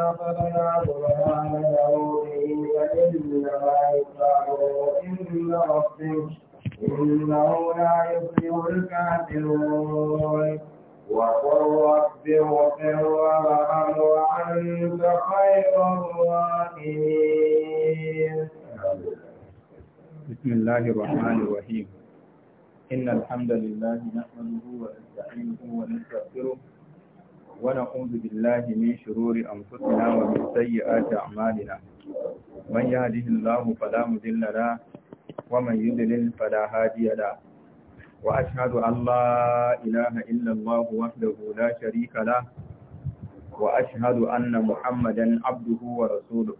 آمنا برهان يومه فإنما يتبعه إن ربه إنه لا يفلح الكافرون وقل رب اغفر وارحم وأنت خير الراحمين بسم الله الرحمن الرحيم إن الحمد لله نحمده ونستعينه ونستغفره ونعوذ بالله من شرور أنفسنا ومن سيئات أعمالنا من يهده الله فلا مذل له ومن يذلل فلا هادي له وأشهد أن لا إله إلا الله وحده لا شريك له وأشهد أن محمدا عبده ورسوله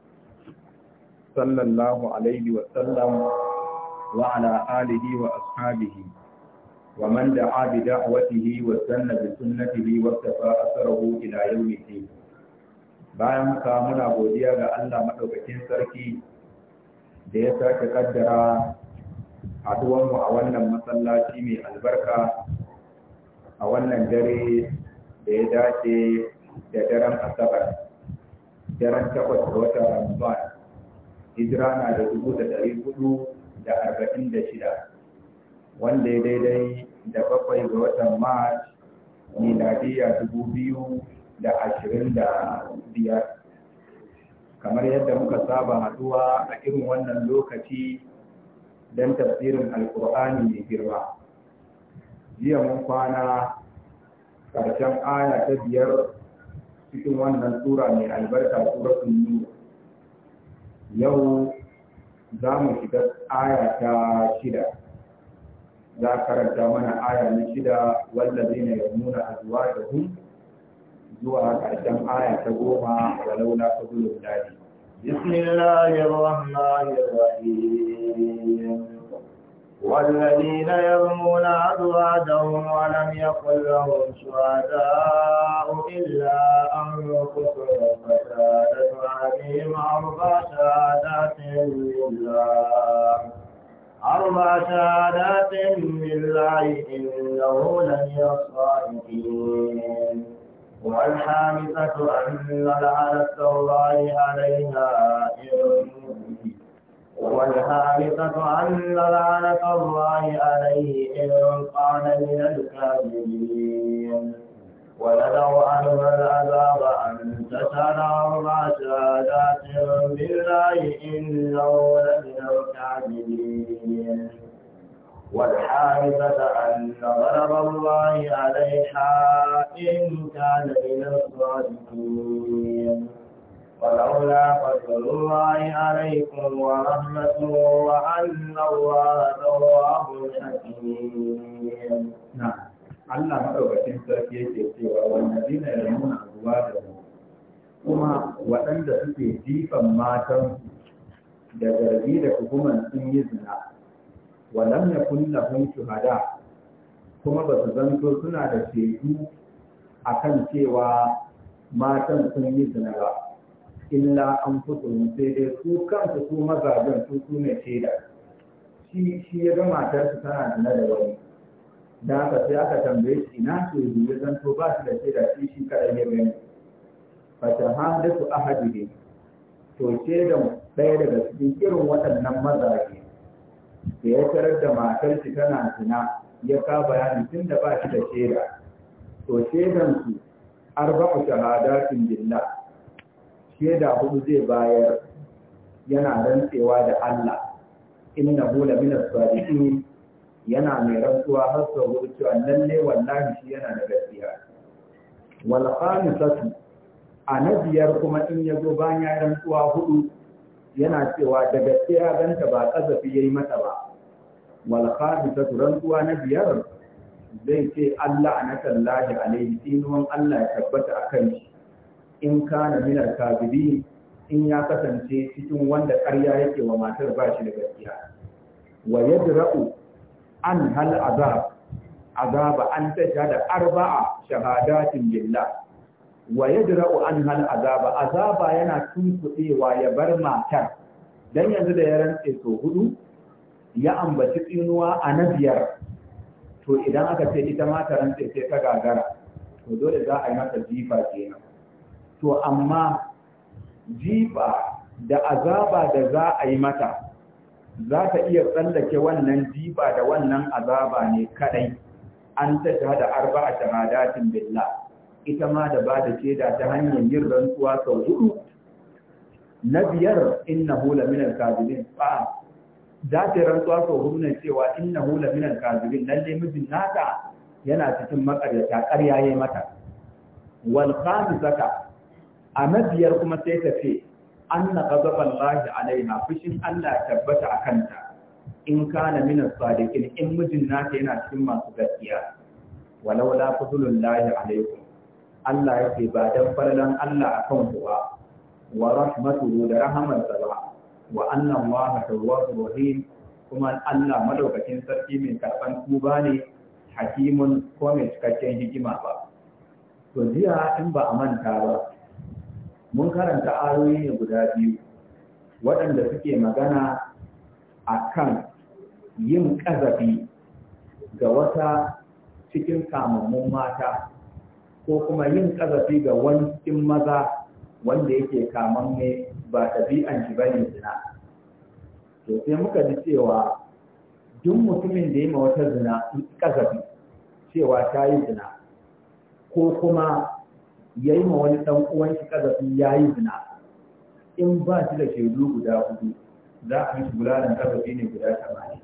صلى الله عليه وسلم وعلى آله وأصحابه ومن دعا بدعوته واستنى بسنته واكتفى اثره الى يوم الدين bayan haka muna godiya ga Allah madaukakin sarki da ya sake kaddara haduwanmu a wannan masallaci mai albarka a wannan dare da ya dace da daren asabar daren takwas da watan ramadan hijira na da dubu da ɗari hudu da arba'in da shida wanda ya daidai da bakwai ga watan mars miladiya dubu biyu da ashirin da biyar kamar yadda muka saba haduwa a irin wannan lokaci don tafsirin alkur'ani mai girma jiya mun kwana ƙarshen aya ta biyar cikin wannan tura mai albarka suratun nur yau za mu shiga aya ta shida za karanta mana aya na shida ya nuna azuwa da azwajahum zuwa karshen aya ta goma walau la fadlul lahi bismillahir rahmanir rahim والذين يرمون أزواجهم ولم يقل لهم شهداء إلا أنفسهم فشهادة أبيهم أربع شهادات لله أربع شهادات بالله إنه لن الصادقين والحامسة أن لعنة الله عليها والحامسة أن لعنة الله عليه إن قال من الكاذبين ولدوا عنه العذاب أن مع عشادات بالله إنه لمن الكاذبين والحادثة أن غضب الله عليها إن كان من الصادقين ولولا فضل الله عليكم ورحمته وأن الله تواب حكيم نعم Allah maɗaukacin sarki yake cewa wannan ya nuna ruwa da mu kuma waɗanda suke jifan matan da zargi da hukumar sun yi zina ya yakun lahum shuhada kuma ba su zanto suna da shaidu kan cewa matan sun yi zina ba illa an fito sai dai su kansu su mazajen su su ne shaida shi ya ga matarsu tana zina da wani da haka sai aka tambaye shi ina ce ya zanto ba shi da shaida shi shi kaɗai ne bayan su Ahadi ne. to shaidan ɗaya daga cikin irin waɗannan mazaje da ya tarar da matar shi tana zina ya ka bayani tun da ba shi da shaida to shaidan su arba'u shahadatin billah shaida hudu zai bayar yana rantsewa da Allah innahu lamina sadiqin yana mai rantsuwa har sau hudu cewa lalle wallahi shi yana da gaskiya wal khamisatu a na biyar kuma in ya zo bayan ya rantsuwa hudu yana cewa da gaskiya ganta ba kazafi yayi mata ba wal khamisatu rantsuwa na biyar zai ce Allah anatallahi alaihi tinuwan Allah ya tabbata a kan shi in kana minar kazibin in ya kasance cikin wanda ƙarya yake wa matar ba shi da gaskiya wa yadra'u an hal azab azaba an da arba'a shahadatin billah wa yadra'u an hal azaba azaba yana wa ya bar matar dan yanzu da ya rantse to hudu ya ambaci tsinuwa a na biyar to idan aka ce ita mata ran ta gagara to dole za a yi mata jifa kenan to amma jifa da azaba da za a yi mata za ka iya tsallake wannan jiba da wannan azaba ne kadai an ta shahada arba'a shahadatin billah ita ma da ba da shaida ta hanyar yin rantsuwa sau hudu na biyar hula minar kadibin ba za ta rantsuwa sau hudu na cewa hula minan kadibin lalle mijin naka yana cikin makaryata ƙarya yayi mata wal zaka. a na biyar kuma sai ta ce anna ghadaban lahi alaina fushin Allah tabbata a kanta in kana min as-sadiqin in mijin nata yana cikin masu gaskiya walau la fadlul lahi alaikum Allah yake ba dan farlan Allah akan kuwa wa rahmatuhu da rahamarsa ba wa anna Allah tawwabur rahim kuma Allah madaukakin sarki mai karban tuba ne hakimun ko mai cikakken hikima ba to jiya in ba a manta ba mun karanta ayoyi ne guda biyu waɗanda suke magana a kan yin ƙazafi ga wata cikin kamammun mata ko kuma yin ƙazafi ga wani cikin maza wanda yake kamamme ba ɗabi'an shi ba ne zina to sai muka ji cewa duk mutumin da ya ma wata zina ƙazafi cewa ta yi zina ko kuma ya yi ma wani ɗan uwan shi kazafi ya yi zina in ba shi da shaidu guda hudu za a yi bulalan kazafi ne guda tamanin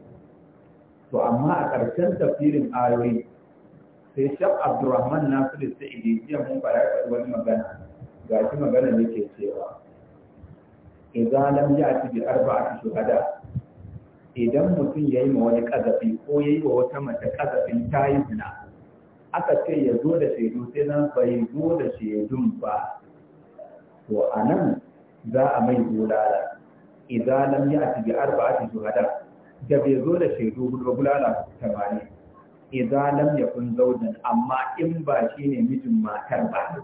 to amma a ƙarshen tafsirin ayoyi sai shaf abdurrahman sai sa'idi jiya mun fara faɗi wani magana ga shi magana da ke cewa idan lam ya ci bi arba'ati shuhada idan mutum yayi ma wani ƙazafi ko yayi wa wata mace kazafin tayi zina aka ce ya zo da shaidu sai nan bai zo da shaidun ba to a nan za a mai gulala, idan nan ya ci bi arba'ati shuhada da bai zo da shaidu ba ta bane idan ya kun zaujan amma in ba shine mijin matar ba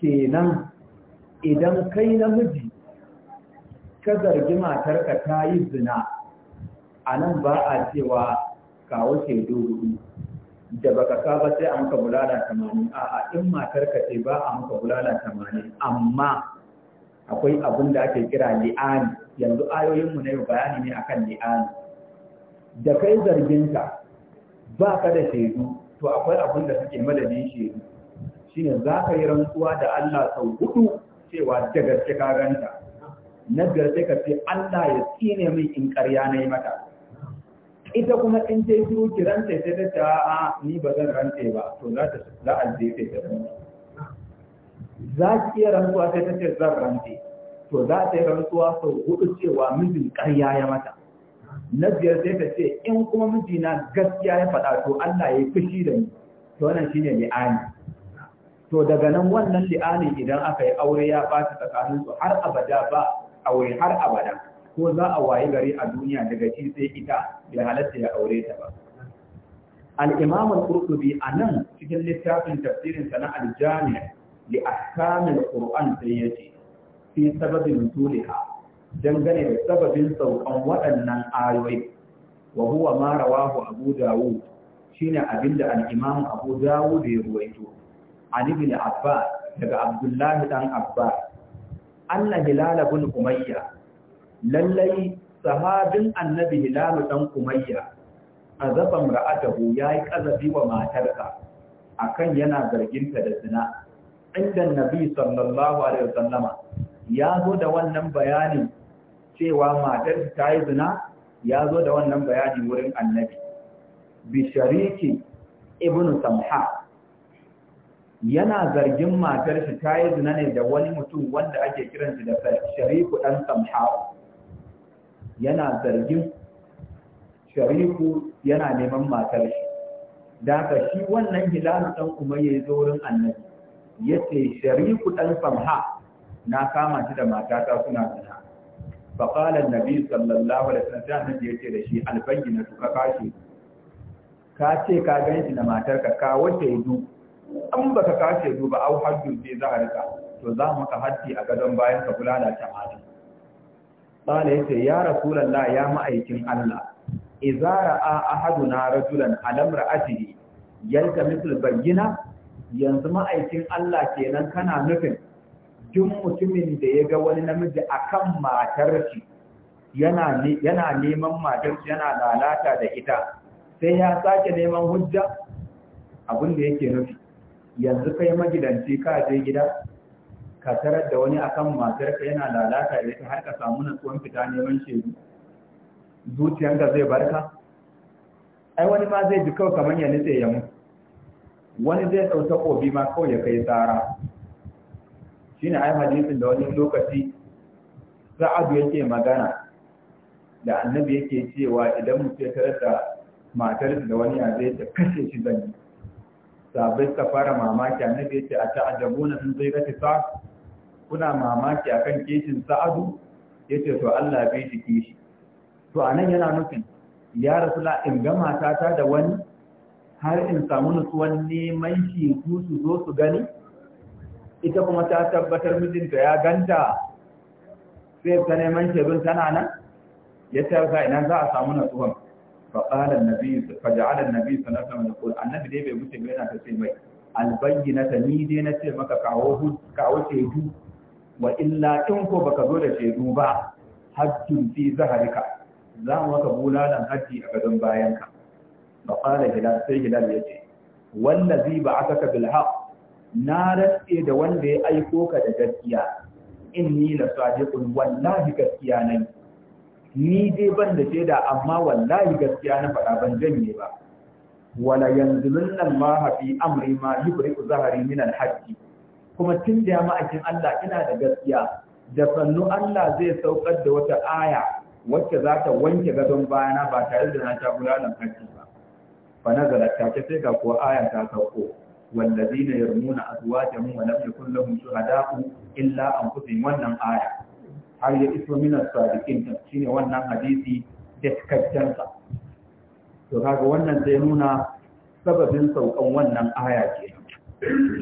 kenan idan kai namiji ka zargi matarka ta yi zina a nan ba a cewa kawo shaidu hudu da baka ka ba sai a maka bulala tamanin a'a in matar ka ce ba a maka bulala tamanin amma akwai abin da ake kira li'ani yanzu ayoyinmu na yau bayani ne akan li'ani da kai zarginta ba ka da shaidu to akwai abin da suke madadin shaidu shine za ka yi rantsuwa da Allah sau hudu cewa da gaske ka ganta na gaske ka ce Allah ya tsine min in ƙarya na yi mata ita kuma in ta yi ki ranta ta ta ta a ni ba zan rance ba to za ta za a je ta za ki iya rantsuwa sai ta ce zan rance to za ta yi rantsuwa sau hudu cewa mijin ƙarya ya mata na biyar sai ta ce in kuma mijina gaskiya ya faɗa to Allah ya yi fushi da ni to wannan shine li'ani to daga nan wannan li'ani idan aka yi aure ya ɓata tsakaninsu har abada ba aure har abada ko za a waye gari a duniya daga shi sai ita bai halatta ya aure ta ba al kurkubi a nan cikin littafin tafsirin sa na aljami jami li ahkam al-qur'an sai yace fi sababin nuzuliha dangane da sababin saukan waɗannan ayoyi wa huwa ma rawahu abu dawud shine abinda al-imam abu dawud ya ruwaito an ibn abbas daga abdullahi dan abbas anna hilal ibn umayya lallai sahabin annabi hilalu dan kumayya a zafan ra'atahu ya yi ƙazabi wa matarsa akan yana zarginta da zina inda nabi sallallahu alaihi wasallama ya zo da wannan bayanin cewa matar ta yi zina ya zo da wannan bayani wurin annabi bishariki ibn samha yana zargin matar shi ta yi zina ne da wani mutum wanda ake kiransa da shariku dan samha yana zargin shariku yana neman matar shi da ka shi wannan hilalu dan kuma ya zo wurin annabi ya ce shariku dan famha na kama shi da matata suna zina fa qala annabi sallallahu alaihi wasallam annabi ya da shi albayyina ka kashi ka ce ka ganshi da matar ka wace yudu an baka kace duba au haddun sai za a rika to za mu ka haddi a gadon bayan ka bulala ta mata ya yace ya rasulullah ya ma'aikin Allah idza ra'a ahaduna rajulan alam ra'atihi yalka mithl bayyina yanzu ma'aikin Allah kenan kana nufin duk mutumin da ya ga wani namiji akan matar shi yana neman matar yana lalata da ita sai ya sake neman hujja abin da yake nufi yanzu kai magidanci ka je gida ka tarar da wani akan matarka yana lalata da ita har ka samu natsuwan fita neman shedu ka zai barka ai wani ma zai ji kawai kamar ya nitse ya mutu wani zai ɗauta obi ma kawai ya kai tsara shine ai hadisin da wani lokaci sa'adu yake magana da annabi yake cewa idan mutum ya tarar da matarsa da wani ya zai ta kashe shi zan yi sabai suka fara mamaki annabi yake a ta'ajabuna sun zai gati sa kuna mamaki akan kishin sa'adu yace to Allah bai shi kishi to anan yana nufin ya rasula in ga matata da wani har in samu nutsuwan neman shi su su zo su gani ita kuma ta tabbatar mijinta ya ganta sai ta neman shebin tana nan ya tarka ina za a samu nutsuwan فقال النبي فجعل النبي صلى الله عليه وسلم يقول annabi dai bai wuce bai na ta ce mai ta ni dai na ce maka kawo kawo shaidu wa illa in ko baka zo da shaidu ba hajjun fi zaharika za mu maka bulalan hajji a gadon bayanka ba fara hilal sai hilal ya ce wallazi ba aka ka haq na rantse da wanda ya aiko ka da gaskiya inni la sadiqun wallahi gaskiya nan ni dai ban da shaida amma wallahi gaskiya na faɗa ban janye ba wala yanzulunna ma fi amri ma yubriku zahari min al kuma tun da ma'aikin Allah ina da gaskiya da sannu Allah zai saukar da wata aya wacce za ta wanke gadon bayana ba tare da na ta bulalan haƙƙi ba fa ta take sai ga kuwa aya ta sauko والذين wani أزواجهم kullum su hadaku illa an أنفسهم wannan aya har ya iso min ta shi ne wannan hadisi da cikakken to kaga wannan zai nuna sababin saukan wannan aya ke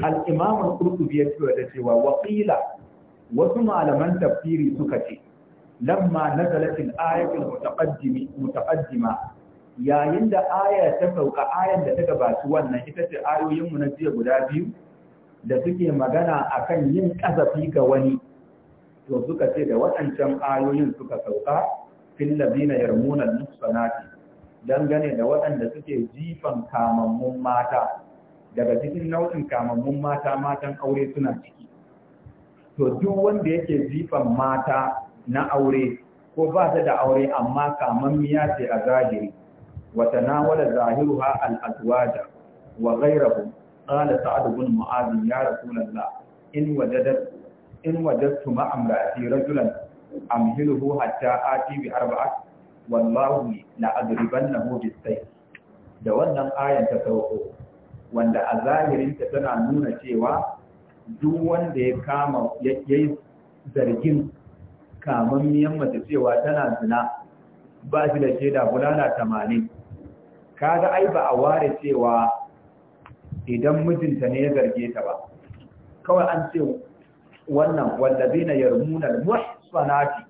al-imam al-qurtubi ya ce da cewa waƙila wasu malaman tafsiri suka ce lamma nazalat al-ayatul mutaqaddimi mutaqaddima yayin da aya ta sauka ayan da ta gabaci wannan ita ce ayoyinmu na jiya guda biyu da suke magana akan yin kazafi ga wani to suka ce da waɗancan ayoyin suka sauka fil ladina yarmuna al dangane da waɗanda suke jifan kamammun mata daga cikin nau'in kamammun mata matan aure suna ciki to duk wanda yake zifan mata na aure ko ba ta da aure amma kamammiya ce a zahiri wa tanawala zahiruha al-azwaja wa ghayruhum qala sa'ad ibn mu'adh ya rasulullah in wajadat in wajadtu ma amrati rajulan amhiluhu hatta ati bi arba'at wallahu la adribannahu bis sayf da wannan ayan ta sauko wanda a zahirinta tana nuna cewa duk wanda ya kama ya yi zargin miyan mace cewa tana zina ba shi da shaida bulala tamanin kaga ai ba a ware cewa idan mijinta ne ya zarge ta ba kawai an ce wannan wallazina yarmunal muhsanati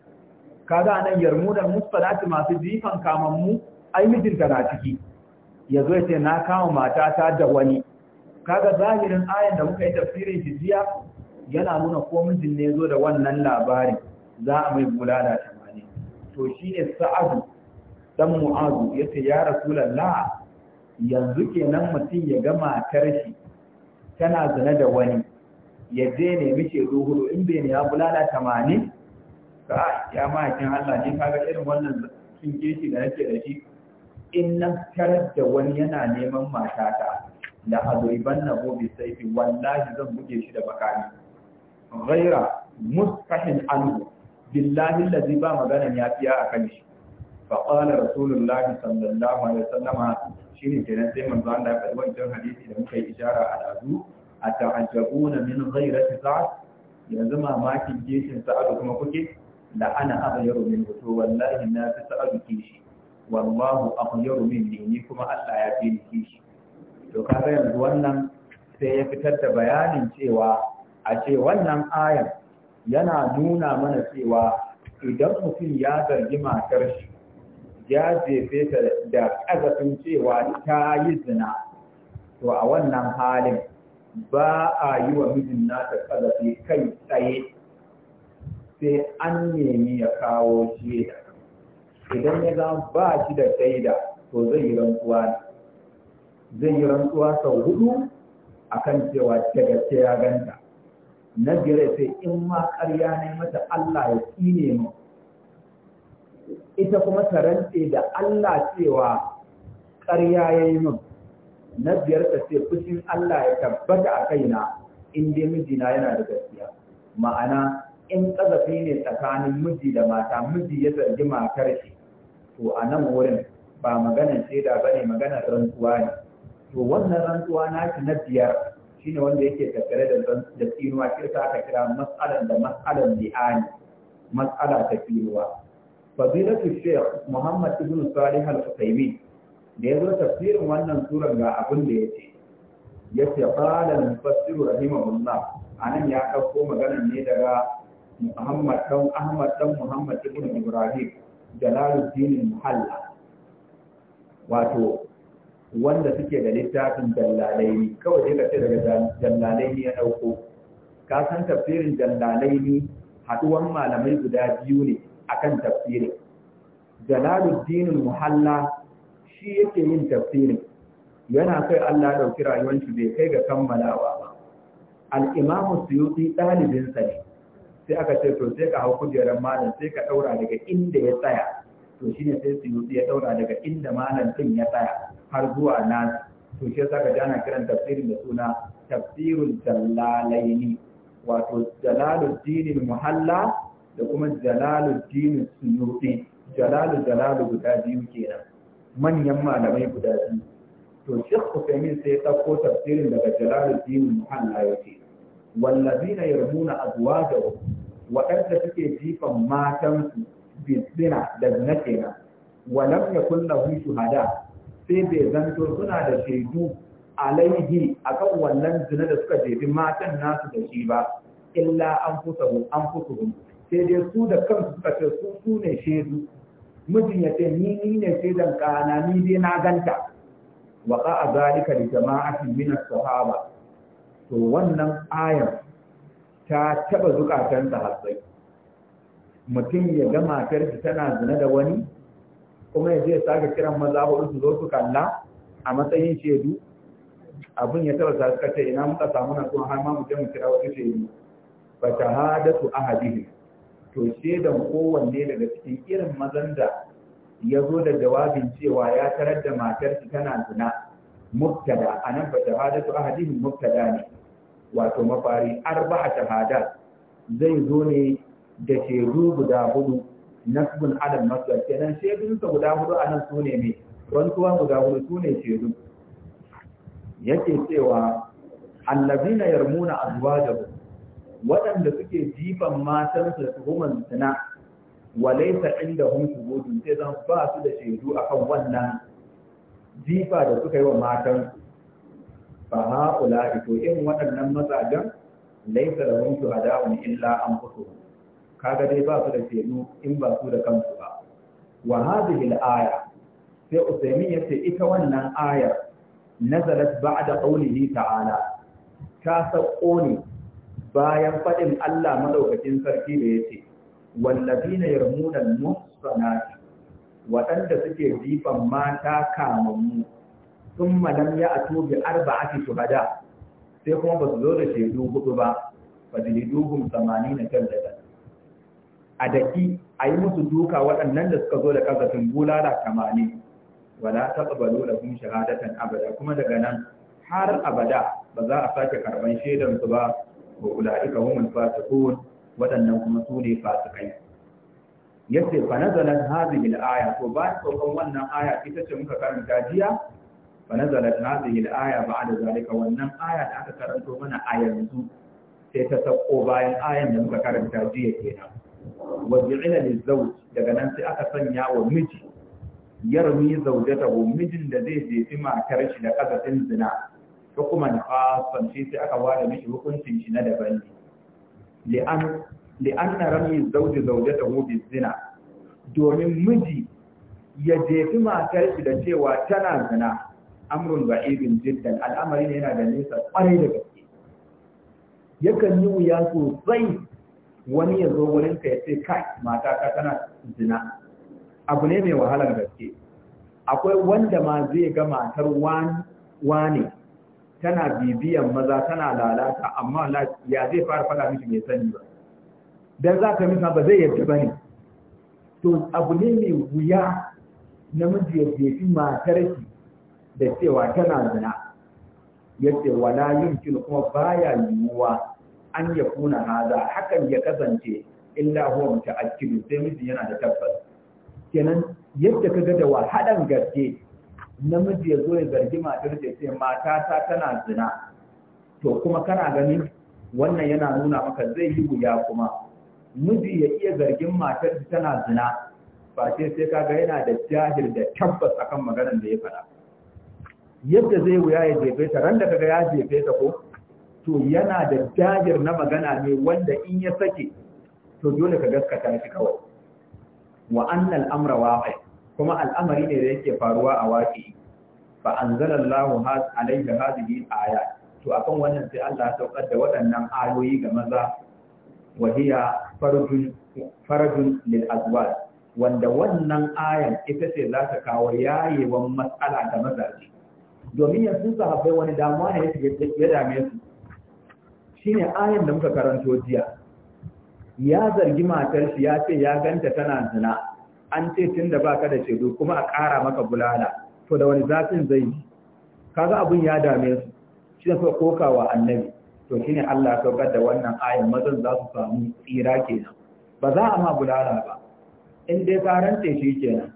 kaga anan yarmunal muhsanati masu jifan kamammu ai mijinta na ciki ya zo ce na kama matata da wani kaga zahirin ayan da muka yi tafsirin shi jiya yana nuna ko mijin ne zo da wannan labarin za a mai bulala tamanin to shine sa'adu dan mu'azu yace ya rasulullah yanzu kenan mutum ya ga matar shi tana zina da wani ya je ne ce ruhuru in bai ne ya bulala tamanin ka ya ma'aikin Allah ne kaga irin wannan sun shi da nake da shi in na karar da wani yana neman matata da azuriban na gobe fi wallahi zan buge shi da bakani ghaira mustahin anhu billahi allazi ba maganan yafiya a kan shi fa qala rasulullah sallallahu alaihi wasallama shine kenan sai manzo Allah ya faɗi wancan hadisi da muka yi ishara a dazu ata'ajabuna min ghairati sa'ad yanzu mamakin kishin sa'ad kuma kuke la ana aghyaru min to wallahi na fi sa'ad kishi wallahu akhyaru minni ni kuma Allah ya fi ni kishi to kaga yanzu wannan sai ya fitar da bayanin cewa a ce wannan ayar yana nuna mana cewa idan mutum ya zargi matar shi ya jefe ta da ƙazafin cewa ta yi zina to a wannan halin ba a yi wa mijin nata ƙazafi kai tsaye sai an nemi ya kawo shi. idan ya zama ba shi da shaida to zai yi rantsuwa zai yi rantsuwa sau hudu akan cewa da gaske ya ganta na biyar sai in ma karya ne mata Allah ya tsine mu ita kuma ta rantse da Allah cewa karya ya yi min na biyar ta ce fushin Allah ya tabbata a kaina in dai mijina yana da gaskiya ma'ana in ƙazafi ne tsakanin miji da mata miji ya zargi matar shi to a nan wurin ba maganar shaida ba ne maganar rantsuwa ne to wannan rantsuwa na shi na biyar shine wanda yake tattare da tsinuwa shi sa aka kira mas'alan da mas'alan li'ani mas'ala ta tsinuwa fadilatu shaykh muhammad ibn salih al-utaymi da yazo tafsirin wannan suran ga abin da ya ce, yace yace qala al-mufassir rahimahullah anan ya dauko maganar ne daga muhammad dan ahmad dan muhammad ibn ibrahim jalaluddin muhalla wato wanda suke da littafin jallalaini kawai daga ce daga jallalaini ya dauko ka san tafsirin jallalaini haduwan malamai guda biyu ne akan tafsirin jalaluddinin muhalla shi yake yin tafsirin yana kai Allah dauki rayuwar shi bai kai ga kammalawa ba al-imamu suyuti dalibinsa ne sai aka ce to sai ka hau kujerar malam sai ka daura daga inda ya tsaya to shine sai yi ya daura daga inda malam din ya tsaya har zuwa nan to shi yasa ka jana kiran tafsirin da suna tafsirul jalalaini wato jalaluddin muhalla da kuma jalaluddin sunuti jalalu jalalu guda biyu kenan manyan malamai guda biyu to shekh Usaimin sai ya dauko tafsirin daga Jalaluddin Muhalla yake wallazina yarmuna azwajahum waɗanda suke jifan matansu bisbina da zina kenan walam ya kunna shuhada sai bai zanto suna da shaidu alaihi akan wannan zina da suka jefi matan nasu da shi ba illa an fusahu an sai dai su da kansu suka ce su su ne shaidu mijin ya ce ni ni ne shaidan kana ni dai na ganta wa a zalika li jama'atin min as-sahaba to wannan ayar ta taɓa zukatan hasbai mutum ya ga matar shi tana zina da wani kuma ya je ya sake kiran maza hudu su zo su kalla a matsayin shaidu abin ya taɓa suka ce ina muka samu na kuma har ma mu je mu kira wasu hada su a ahadihim to shedan kowanne daga cikin irin mazan da ya zo da jawabin cewa ya tarar da matar shi tana zina mubtada anan su a ahadihim mubtada ne wato mafari arba'a Shahadar, zai zo ne da shaidu guda hudu nasbun alal masdar kenan shaidunsa guda hudu a nan sune mai rantsuwa guda hudu sune shaidu yake cewa allazina yarmuna azwajahu waɗanda suke jifan matansu da tuhuman zina walaisa indahum subutun sai zan ba su da shaidu akan wannan jifa da suka yi wa matansu fa haula to irin waɗannan mazajen laisa lahum shuhada'un illa an anfusuhum kaga dai ba su da shaidu in ba su da kansu ba wa hadhihi al-aya sai Usaimin yace ita wannan ayar nazalat ba'da qawlihi ta'ala ta sauko ne bayan fadin Allah madaukakin sarki da yace wallazina yarmuna al-muhsanati waɗanda suke jifan mata kamammu sun malam ya ato arba ake shuhada sai kuma ba su zo da shaidu hudu ba fa duhum samanina jaldatan a daki a yi musu duka waɗannan da suka zo da ƙazafin bulala kamani wala taqbalu lahum shahadatan abada kuma daga nan har abada ba za a sake karban shaidan su ba wa ulaika humul fasiqun waɗannan kuma su ne fasikai yace fa nazalat hadhihi al-aya to ba saukan wannan aya ita ce muka karanta jiya fa nazalat hadhihi al a da zalika wannan aya da aka karanto mana a yanzu sai ta sako bayan ayan da muka karanta jiya kenan wa ju'ila lizawj daga nan sai aka sanya wa miji yarmi zawjatahu mijin da zai jefi matar shi da kazafin zina hukuman khasan shi sai aka ware mishi hukuncin shi na daban ne li'an li'anna rami zawji zawjatahu bizina domin miji ya jefi matar shi da cewa tana zina amrun ba'idin jiddan al'amari ne yana da nesa kwarai da gaske yakan yi wuya sosai wani ya zo wurin ka ya ce kai mata ka tana zina abu ne mai wahalar gaske akwai wanda ma zai ga matar wane tana bibiyan maza tana lalata amma ya zai fara faɗa miki mai sani ba dan za ka misa ba zai yadda ba ne to abu ne mai wuya namiji ya jefi matar ki da cewa tana zina ya ce wala yumkin kuma baya yiwuwa an ya kuna haza hakan ya kasance illa huwa muta'akkid sai miji yana da tabbas kenan yadda kaga da wahalan gaske namiji ya zo ya zargi matar da ce mata ta tana zina to kuma kana ganin wannan yana nuna maka zai yi wuya kuma miji ya iya zargin matar tana zina ba sai sai kaga yana da jahil da tabbas akan maganar da ya faɗa yadda zai wuya ya jefe ta ran da kaga ya jefe ta ko to yana da dajir na magana ne wanda in ya sake to dole ka gaskata shi kawai wa al amra waqi kuma al'amari ne da yake faruwa a waqi fa anzalallahu has alayhi hadhihi ayat to akan wannan sai Allah ya saukar da waɗannan ayoyi ga maza wa hiya farjun farjun lil azwaj wanda wannan ayan ita ce za ta kawo yayewan matsala ga mazaje domin ya yanzu sahabbai wani damuwa ne ya dame su Shi ne ayan da muka karanto jiya ya zargi matar shi ya ce ya ganta tana zina an ce tun tunda baka da shaidu kuma a ƙara maka bulala to da wani zafin zai yi kaga abin ya dame su shi ne suka kokawa annabi to shine Allah ya saukar da wannan ayan mazan za su samu tsira kenan ba za a ma bulala ba in dai ka rance shi kenan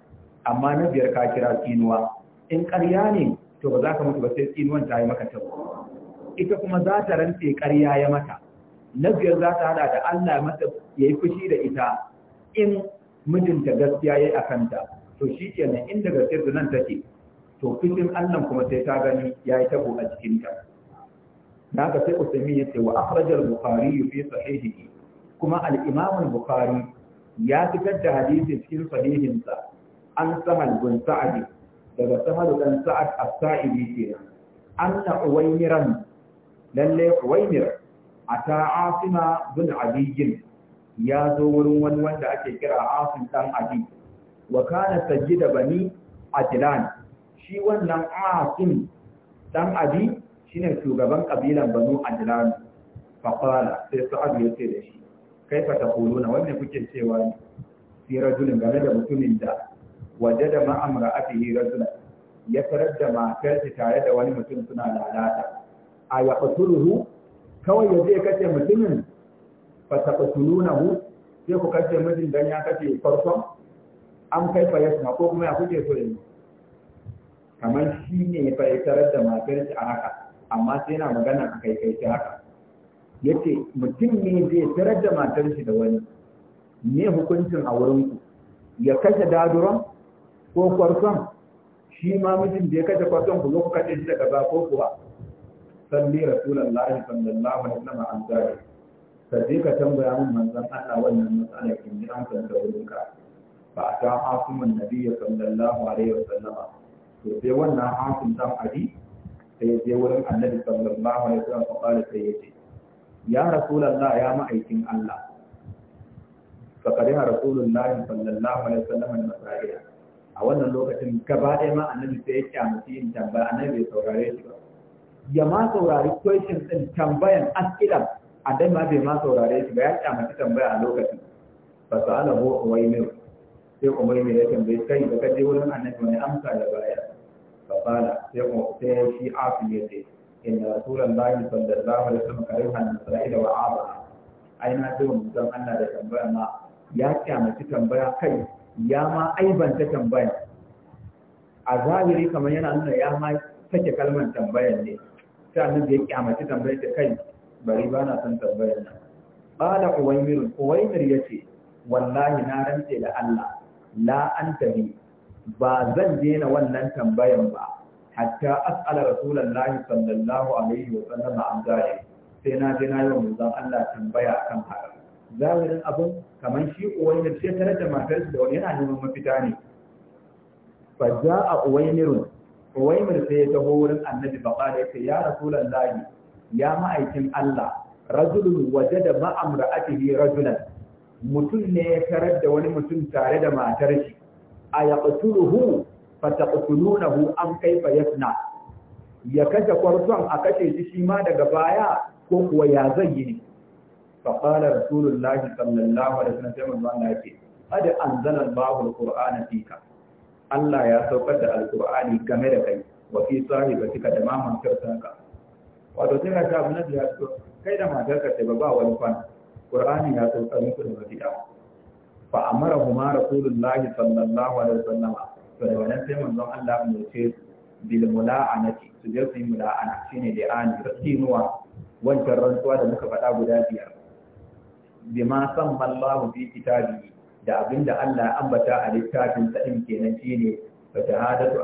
amma na biyar ka kira tsinuwa in ƙarya ne to ba za ka mutu ba sai tsinuwan ta yi maka tabo ita kuma za ta rantse ƙarya ya mata na biyar za ta hada da Allah masa ya yi fushi da ita in mijinta gaskiya ya yi a kanta to shi kenan inda gaskiyar nan take to fushin Allah kuma sai ta gani ya yi tabo a jikinta da haka sai Usaimin ya ce wa akhrajar Bukhari fi sahihihi kuma al-Imam Bukhari ya fitar da hadisin cikin sahihinsa an sama al-Bunsa'adi daga sahadu dan sa'ad as-sa'idi kenan anna uwaymiran lalle uwaymir ata asima bin abijin ya zo wurin wani wanda ake kira asim dan abi wa kana sajida bani ajlan shi wannan asim dan abi shine shugaban kabilan banu ajlan fa qala sai sa'ad ya ce da shi kaifa taquluna wanne kuke cewa ne fi rajulin game da mutumin da da wajada ma amra'atihi rajula ya tarar da matarsa tare da wani mutum suna lalata a ya fatuluhu kawai ya je kace mutumin nuna hu sai ku kace mijin don ya kace farkon an kai fa suna ko kuma ya kuke so yi kamar shi ne ya tarar da matarsa a haka amma sai yana magana a kai kai haka Ya ce mutum ne zai tarar da matarsa da wani ne hukuncin a wurin ku ya kashe daduran. ko kwarson shi ma mijin da ya kace kwarson ku zo ku kace shi daga bako ko kuwa salli rasulullahi sallallahu alaihi wasallam an Ka sai ka tambaya mun manzon Allah wannan matsalar kin ji an san da wurin ka fa ta mun nabiyyi sallallahu alaihi wasallam to sai wannan hasun dan adi sai je wurin annabi sallallahu alaihi wasallam ko kala sai yace ya rasulullahi ya ma'aikin Allah fa kariha rasulullahi sallallahu alaihi wasallam an masaila a wannan lokacin gaba ɗaya ma annabi sai ya kyamaci yin tambaya annabi bai saurare shi ba ya ma saurari question din tambayan askila adai ma bai ma saurare shi ba ya kyamaci tambaya a lokacin fa wai umayyu sai ne ya tambaye kai da kaje wurin annabi wani amsa da baya fa bala sai ko sai shi afi ya ce inna rasulullahi sallallahu alaihi wasallam kariha isra'ila wa aba aina da mun dan Allah da tambaya ma ya kyamaci tambaya kai ya ma aibanta tambaya a zahiri kamar yana nuna ya ma sake kalmar tambayar ne sai da ya kyamaci tambayar ta kai bari ba na son tambayar nan qala uwaimir ya yace wallahi na rantse da Allah la antabi ba zan daina wannan tambayan ba hatta as'ala rasulullahi sallallahu alaihi wa sallam an sai na je na yi wa manzon Allah tambaya kan haka zahirin abin kamar shi uwainir sai tare da matarsa da wani yana neman mafita ne fa za a uwainirun uwainir sai ya taho wurin annabi baƙa da yake ya rasulullahi ya ma'aikin allah rajulun waje da ma'amra'atihi rajulan mutum ne ya tarar da wani mutum tare da matar shi a yaqtuluhu fa taqtulunahu am kayfa yasna ya kashe kwarton a kashe shi shi ma daga baya ko kuwa ya zai yi ne فقال رسول الله صلى الله عليه وسلم sai manzo Allah yake qad Allah ya saukar da al game da kai wa fi sahibatika da ma mankartanka wato sai ka tabu na da to kai da matarka sai ba ba wani kwana Qur'ani ya saukar muku da wasiƙa fa amarahuma to da Allah ce su yi da wancan rantsuwa da muka faɗa guda biyar bima samma Allahu fi kitabi da abinda Allah ambata a littafin sa din kenan shine fatahadatu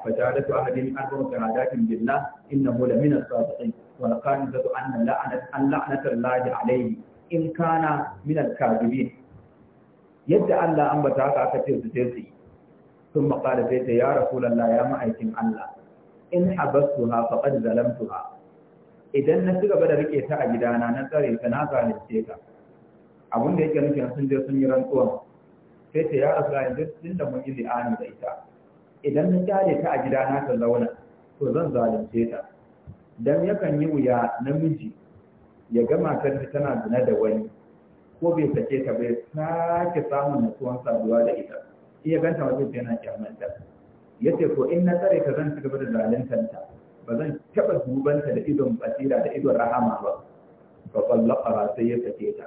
fatahadatu ahadin arbu shahadatin billah innahu lamina as-sadiqin wal qanizatu anna la'nat an la'natullahi alayhi in kana min al-kadibin yadda Allah ambata haka aka ce su je su yi sun maƙala sai ta ya rasulallah ya ma'aikin Allah in habastuha faqad zalamtuha idan na ci gaba da rike ta a gidana na tsare ta na zalunce ka abin da nufi a sun je sun yi rantsuwa sai ta ya rasu yanzu tun da mun yi li'ani da ita idan na kyale ta a gida na ta zauna to zan zalunce ta dan yakan yi wuya namiji ya ga matar tana zina da wani ko bai sake ta bai sake samun nutsuwan saduwa da ita iya ganta wajen yana kyamanta ya ce ko in na tsare ta zan ci gaba da ta? ba zan taɓa dubanta da idon basira da idon rahama ba fa ƙwallon sai ya sake ta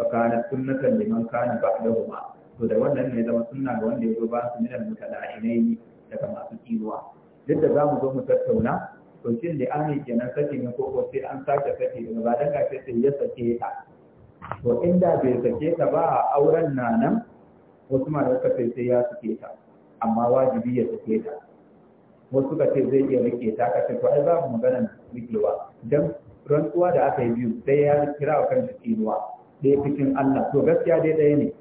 فكان سنة لمن كان بعدهما ba'dahuma to da wannan ne zama sunna ga wanda ya zo ba su minal mutala'inaini daga masu tsiruwa duk da za mu zo mu tattauna to shin da ke kenan sake ne ko ko sai an sake sake daga ba dan gashi sai ya sake ta to inda bai sake ta ba auren na nan wasu ma da sai sai ya sake ta amma wajibi ya sake ta wasu ka ce zai iya rike ta ka ce to ai za mu magana rikewa dan rantsuwa da aka yi biyu sai ya kira wa shi tsinuwa ɗaya Allah to gaskiya dai ɗaya ne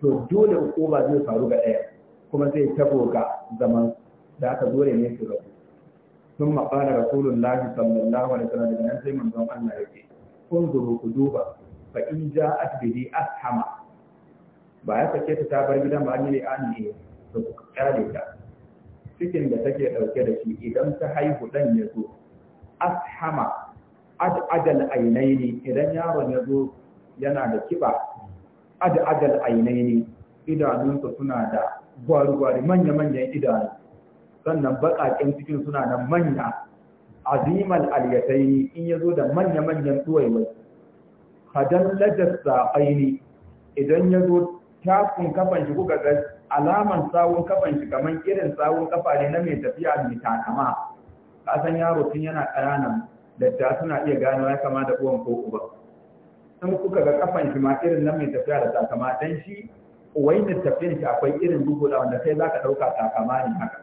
to dole ukuba zai faru ga ɗaya kuma zai tabo ga zaman da aka dole ne su rabu sun maƙala rasulullahi sallallahu alaihi wasallam daga nan sai manzon Allah yake unzuru ku duba fa in ja'at bihi ashama ba ya sake ta bar gidan ba ne an ne to ku kare ta cikin da take ɗauke da shi idan ta haihu dan ya zo ashama ad adal ainaini idan yaron ya zo yana da kiba ada ainai ainaini idanunsa suna da gwari-gwari manya-manyan idanu sannan baƙaƙen cikin suna da manya azimal ne in ya zo da manya-manyan tsuwaiwai hadan lajar saƙaini idan ya zo tafin kafan shi kuka ga alaman sawun kafan shi kamar irin sawun kafa ne na mai tafiya mai takama kasan yaro tun yana ƙananan da suna iya gano ya kama da uwan ko uba in kuka ga kafan shi ma irin nan mai tafiya da takama dan shi uwainin tafiyan shi akwai irin da wanda kai zaka dauka takama ne haka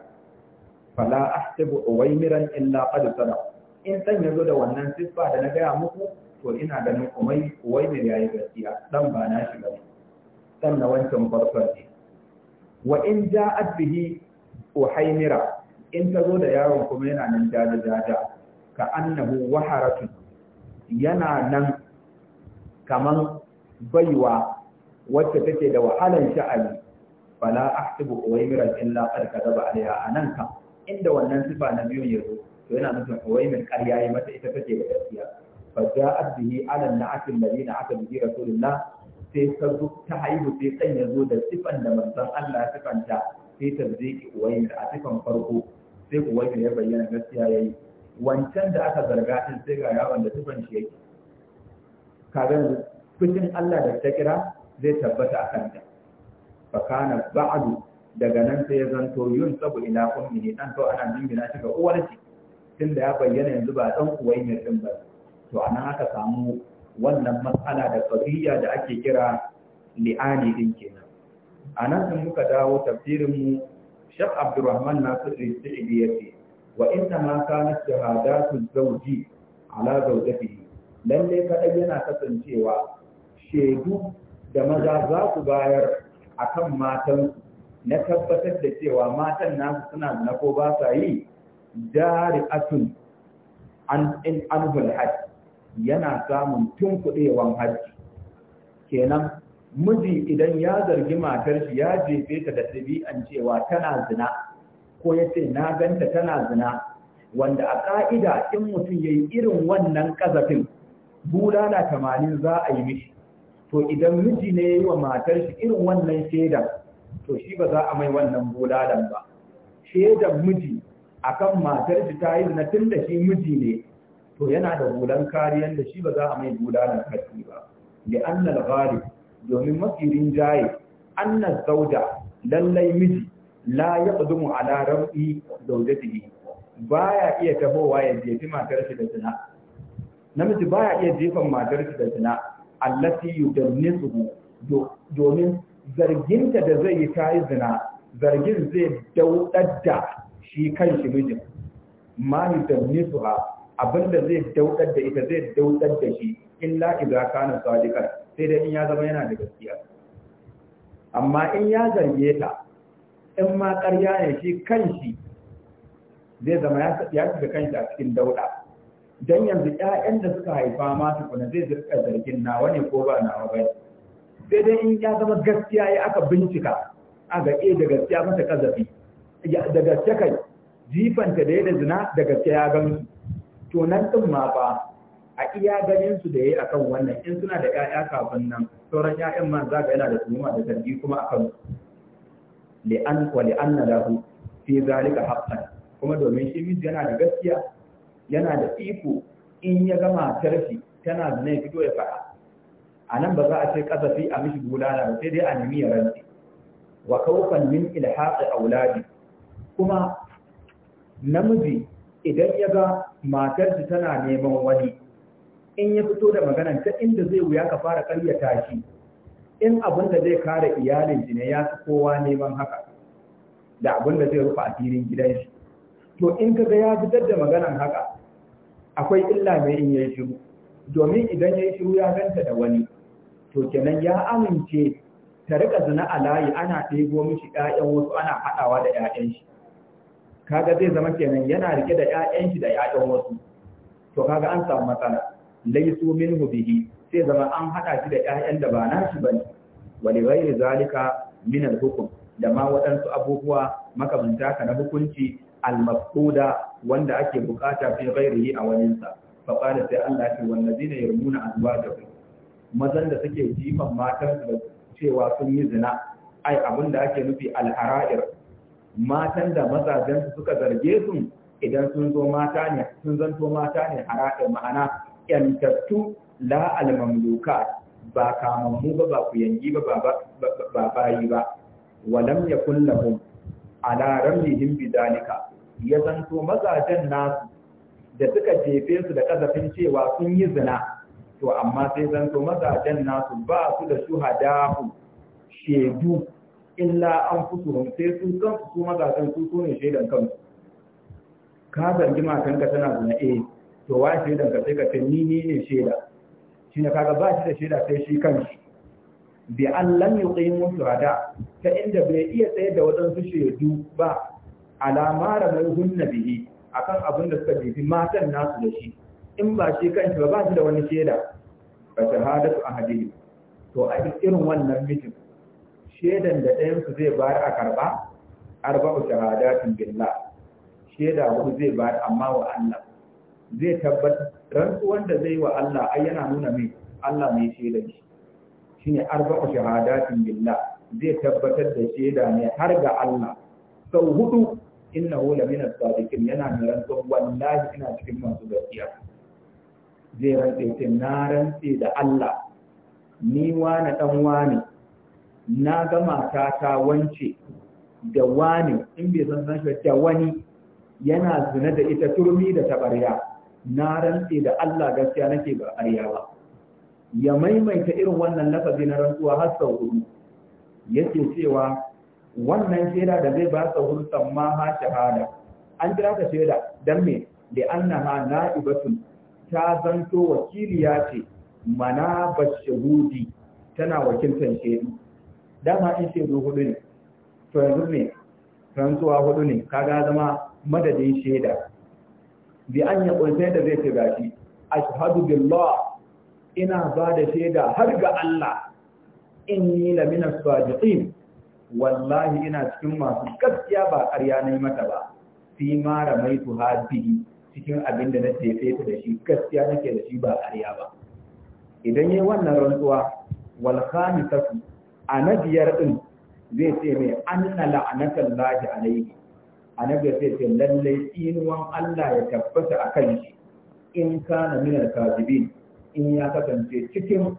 fala ahsibu uwaimiran illa qad sada in dan yazo da wannan siffa da na gaya muku to ina ganin umai uwaimir yayi gaskiya dan ba na shi bane dan na wancan farkon ne wa in ja'at bihi uhaimira in ta zo da yaron kuma yana nan jaja jaja ka annahu waharatun yana nan kaman baiwa wacce take da wahalan sha'ani fala ahsibu uwaymira illa qad kadaba alaiha anan inda wannan sifa na biyun zo, to yana nufin uwaymir ƙarya yayi mata ita take da gaskiya fa ja'at bihi ala na'atil ladina aka bi rasulullah sai ta zo ta haihu sai ya zo da sifan da manzon Allah sifanta sai ta ki uwaymir a sifan farko sai uwaymir ya bayyana gaskiya yayi wancan da aka zarga din sai ga yaron da sifan shi yake kaga yanzu fushin Allah da ta kira zai tabbata a kanta fa kana ba'du daga nan sai ya zanto yun sabu ila ummihi dan to ana jingina shi ga shi tunda ya bayyana yanzu ba dan uwayyar din ba to anan haka samu wannan matsala da qadiyya da ake kira li'ani din kenan anan sun muka dawo tafsirin mu Sheikh abdurrahman Nasir Al-Sa'idi yace wa inna ma kana shahadatu zawji ala zawjatihi lalle kaɗai yana kasancewa shaidu da maza za ku bayar a kan matansu na tabbatar da cewa matan nasu suna na ko ba sa yi dari'atun an in anhul hajj yana samun tun kuɗewan hajji kenan miji idan ya zargi matar shi ya jefe ta da ɗabi'an cewa tana zina ko ya ce na ganta tana zina wanda a ƙa'ida in mutum ya yi irin wannan ƙazafin Bula na tamanin za a yi mishi to idan miji ne ya yi wa matar shi irin wannan shaidan to shi ba za a mai wannan bulalan ba shaidan miji akan matar shi ta yi na tun da shi miji ne to yana da bulan kariyar da shi ba za a mai bulalan kashi ba li annal ghalib domin makirin Jaye, annas Zauja, lallai miji la yaqdumu ala rabbi zaujatihi baya iya tabowa ya jefi matar shi da zina namiji ba ya iya jefan matarsa da zina allati yudannisuhu domin zarginta da zai yi tayi zina zargin zai daudar da shi kan shi mijin ma yudannisuha abinda zai daudar da ita zai daudar da shi illa idza kana sadiqan sai dai in ya zama yana da gaskiya amma in ya zarge ta in ma ƙarya ne shi kan zai zama ya shiga kanshi a cikin dauda Don yanzu ƴaƴan da suka haifa ma kuna zai zirka zargin nawa ne ko ba nawa ba sai dai in ya zama gaskiya ya aka bincika a ga eh da gaskiya mata kazafi da gaske kai jifanta da ya da zina da gaske ya gani to nan din ma ba a iya ganin su da yayi akan wannan in suna da 'ya'ya kafin nan sauran 'ya'yan ma za yana da tuhuma da zargi kuma akan li'an wa li'anna lahu fi zalika haqqan kuma domin shi yana da gaskiya yana da iko in ya gama tarfi tana zina ya fito ya fara a nan ba za a ce kasafi a mishi bulala ba sai dai a nemi ya rantsi wa kaufan min ilhaqi auladi kuma namiji idan ya ga matarsa tana neman wani in ya fito da maganan ta inda zai wuya ka fara karyata shi in abin da zai kare iyalin shi ne ya fi kowa neman haka da abin da zai rufa asirin gidan shi to in ka ya fitar da maganan haka akwai illa mai in yayi shiru domin idan yayi shiru ya ganta da wani to kenan ya amince ta rika zina a layi ana ɗebo mishi ƴaƴan wasu ana haɗawa da ƴaƴan shi kaga zai zama kenan yana rike da ƴaƴan shi da ƴaƴan wasu to kaga an samu matsala laisu minhu bihi sai zama an haɗa shi da ƴaƴan da ba shi bane wa ghairi zalika min al-hukm da ma waɗansu abubuwa makamanta ka na hukunci al-mafquda wanda ake bukata fi ghairihi a waninsa fa qala sai Allah ya ce wallazina yarmuna azwajahum mazan da suke jifan matan da cewa sun yi zina ai abin da ake nufi alhara'ir matan da mazajen su suka zarge su idan sun zo mata ne sun zanto mata ne hara'ir ma'ana yantattu la almamlukat ba kamammu ba ba ku yangi ba ba bayi ba walam yakun lahum ala ramlihim bidalika ya zanto mazajen nasu da suka jefe su da kazafin cewa sun yi zina to amma sai zanto mazajen nasu ba su da shuhadahu shaidu illa an fusuhum sai su kan su mazajen su su ne shaidan kansu ka zargi matan ka tana zina eh to wa shaidan ka sai ka ce ni ni ne shaida ne kaga ba shi da shaida sai shi kanshi bi an lam yuqimu shuhada ta inda bai iya tsaye da wadansu shaidu ba alama da mai hunna bihi akan abin da suka bibi matan nasu da shi in ba shi kanshi ba ba shi da wani shaida ba shahadatu ahadihi to a irin wannan mijin shaidan da ɗayan su zai bayar a karba arba'u shahadatin billah shaida hudu zai bayar amma wa Allah zai tabbatar rantsuwan da zai wa Allah ai yana nuna mai Allah mai shaida shi shine arba'u shahadatin billah zai tabbatar da shaida ne har ga Allah sau hudu inna hu la min as-sadiqin yana mai rantsuwa wallahi ina cikin masu gaskiya zai rantsa ce na rantse da Allah ni wani dan wani na ga matata wance da wani in bai san san ta wani yana zina da ita turmi da tabarya na rantse da Allah gaskiya nake ba ariya ba ya maimaita irin wannan lafazi na rantsuwa har sau uku yake cewa wannan shaida da zai ba sa hulsan ma ha shahada an kira ta shaida dan me da annaha na'ibatun ta zanto wakiliya ce mana bashahudi tana wakiltan shaidu dama in shaidu hudu ne to yanzu me rantsuwa hudu ne kaga zama madadin shaida bi an ya kulsai da zai ce shi ashhadu billah ina ba da shaida har ga Allah inni lamina sadiqin wallahi ina cikin masu gaskiya ba ƙarya na yi mata ba fi ma mai ha bihi cikin abin da na tefe ta da shi gaskiya nake da shi ba ƙarya ba idan yi wannan rantsuwa wal khamisatu anabiyar din zai ce mai anna la'anatan lahi alaihi anabi zai ce lallai, inuwan Allah ya tabbata a akan shi in kana min al-kadibin in ya kasance cikin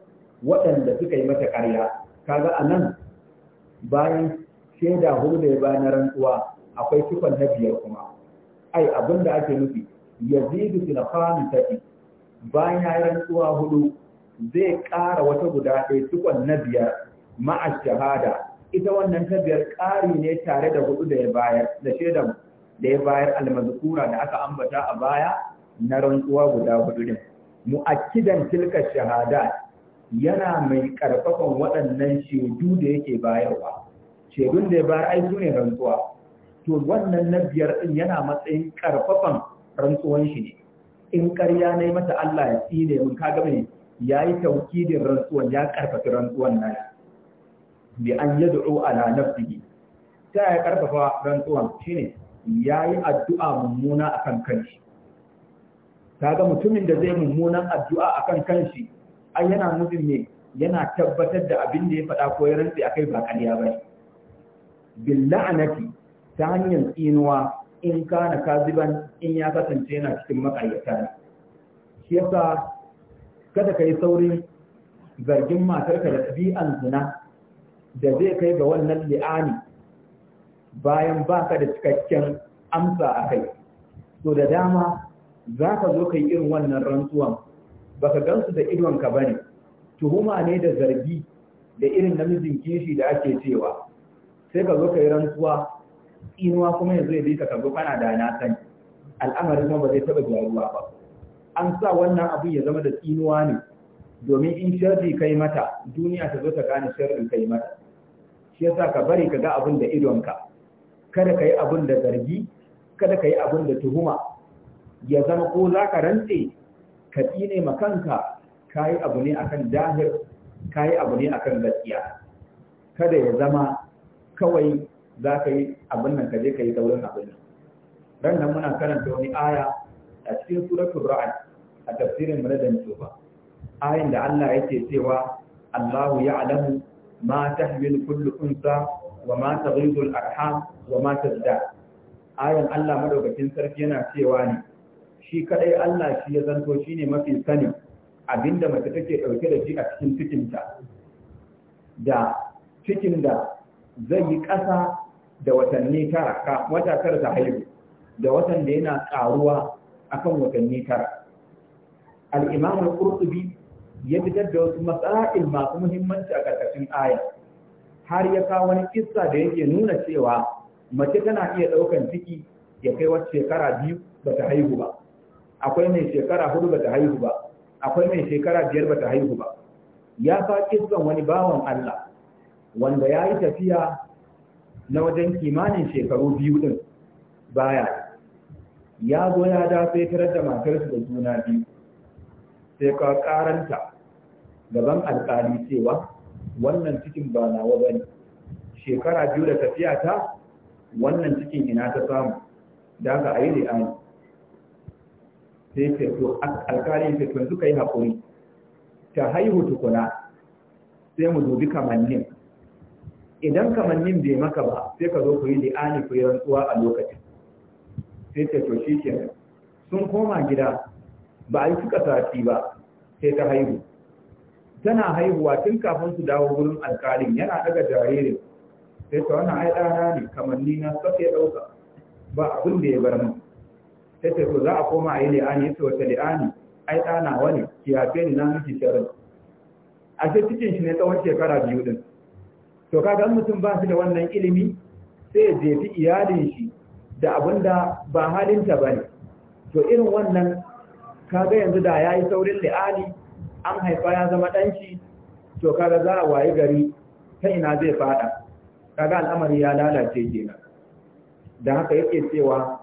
waɗanda suka yi mata ƙarya kaga anan bayan shaida hudu da ya ba na rantsuwa akwai cikon na biyar kuma ai abin da ake nufi yazidu fil Baya bayan ya rantsuwa hudu zai ƙara wata guda ɗaya cikon na biyar ma'a shahada ita wannan ta biyar ƙari ne tare da hudu da ya bayar da shaidan da bayar almazkura da aka ambata a baya na rantsuwa guda hudu din mu'akkidan tilka shahada yana mai karfafan waɗannan shaidu da yake bayarwa shaidun da ya bayar ai su ne rantsuwa to wannan na biyar din yana matsayin karfafan rantsuwan shi ne in ƙarya ne mata Allah ya tsine mun kaga mai yayi taukidin rantsuwan ya karfafi rantsuwan nan bi an yad'u ala nafsihi ta ya karfafa rantsuwan Ya yayi addu'a mummuna akan kanshi kaga mutumin da zai mummunan addu'a akan kanshi ai yana nufin ne yana tabbatar da abin da ya faɗa ko ya rantsi akai ba ƙarya ba bil la'anati ta hanyar tsinuwa in kana kaziban in ya kasance yana cikin makayyata ne shi yasa kada kai saurin zargin matarka da ɗabi'an zina da zai kai ga wannan li'ani bayan baka da cikakken amsa a kai to da dama za ka zo ka yi irin wannan rantsuwan baka gansu da idonka bane tuhuma ne da zargi da irin namijin kishi da ake cewa sai ka zo ka yi rantsuwa inuwa kuma yanzu zai ka zo kana da na sani al'amarin kuma ba zai taba gyaruwa ba an sa wannan abin ya zama da tsinuwa ne domin in sharri kai mata duniya ta zo ta gane sharrin kai mata shi yasa ka bari ka ga abin da idonka kada ka yi abin da zargi kada ka yi abin da tuhuma ya zama ko za ka rantse ka tsine ma kanka kayi abu ne akan dahir kayi abu ne akan gaskiya kada ya zama kawai za ka yi abin nan ka je ka yi saurin abin nan ran nan muna karanta wani aya a cikin suratul ra'd a tafsirin mu na ayin da Allah yake cewa Allahu ya'lamu ma tahmil kullu unsa wa ma taghidu al-arham wa ma tazdad ayan Allah madaukakin sarki yana cewa ne shi kaɗai Allah shi ya zanto ne mafi sani abinda mace take ɗauke da shi a cikin cikinta da cikin da zai yi ƙasa da watanni tara wata tara ta haihu da watan da yana ƙaruwa akan watanni tara al-imam al-qurtubi ya fitar da wasu masail masu muhimmanci a ƙarƙashin aya har ya kawo wani kissa da yake nuna cewa mace tana iya ɗaukan ciki ya kai wata shekara biyu ba ta haihu ba akwai mai shekara hudu bata haihu ba akwai mai shekara biyar bata haihu ba ya fa kiskan wani bawan Allah wanda ya yi tafiya na wajen kimanin shekaru biyu din baya ya zo ya da sai tarar da matarsa da juna biyu sai ka karanta gaban alƙali cewa wannan cikin ba nawa bane shekara biyu da tafiya ta wannan cikin ina ta samu da aka ayi da sai ce to alƙali ce yi haƙuri ta haihu tukuna sai mu dubi kamannin idan kamannin bai maka ba sai ka zo ku yi li'ani ku yi rantsuwa a lokacin sai ce to shi sun koma gida ba a yi suka sati ba sai ta haihu tana haihuwa tun kafin su dawo wurin alƙalin yana daga jaririn sai ta wannan ai ɗana ne kamanni na sai ya ɗauka ba abin da ya bar mu sai ta so za a koma a yi li'ani sai wata li'ani ai ɗana wani ki yafe na miki sharin a ce cikin shi ne tsawon shekara biyu din to kaga mutum ba shi da wannan ilimi sai ya jefi iyalin shi da abin da ba halinta ba ne to irin wannan kaga yanzu da ya yi saurin li'ani an haifa ya zama ɗanci to kaga za a wayi gari ta ina zai fada kaga al'amari ya lalace kenan da haka yake cewa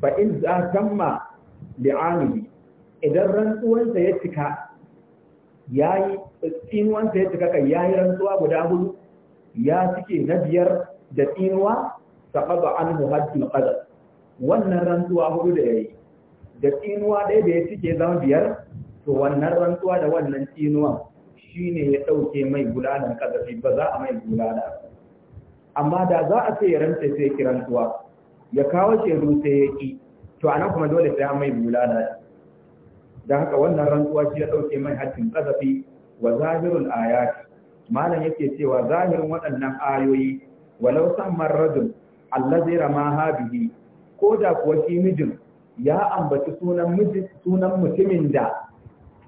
fa in za tamma li'amili idan rantsuwansa ya cika yayi tsinuwansa ya cika kai yayi rantsuwa guda hudu ya cike na biyar da tsinuwa saqaba an haddul qadar wannan rantsuwa hudu da yayi da tsinuwa ɗaya da ya cike zama biyar to wannan rantsuwa da wannan shi shine ya ɗauke mai gudanar kazafi ba za a mai gudanar. amma da za a ce ya rantsa sai kirantuwa ya kawo shaidu ta ya ki to anan kuma dole sai an mai bulala dan haka wannan rantsuwa shi ya ɗauke mai hakkin kazafi wa zahirul ayat malam yake cewa zahirin waɗannan ayoyi walau sammar rajul allazi rama bihi ko da kuwa shi mijin ya ambaci sunan mijin sunan mutumin da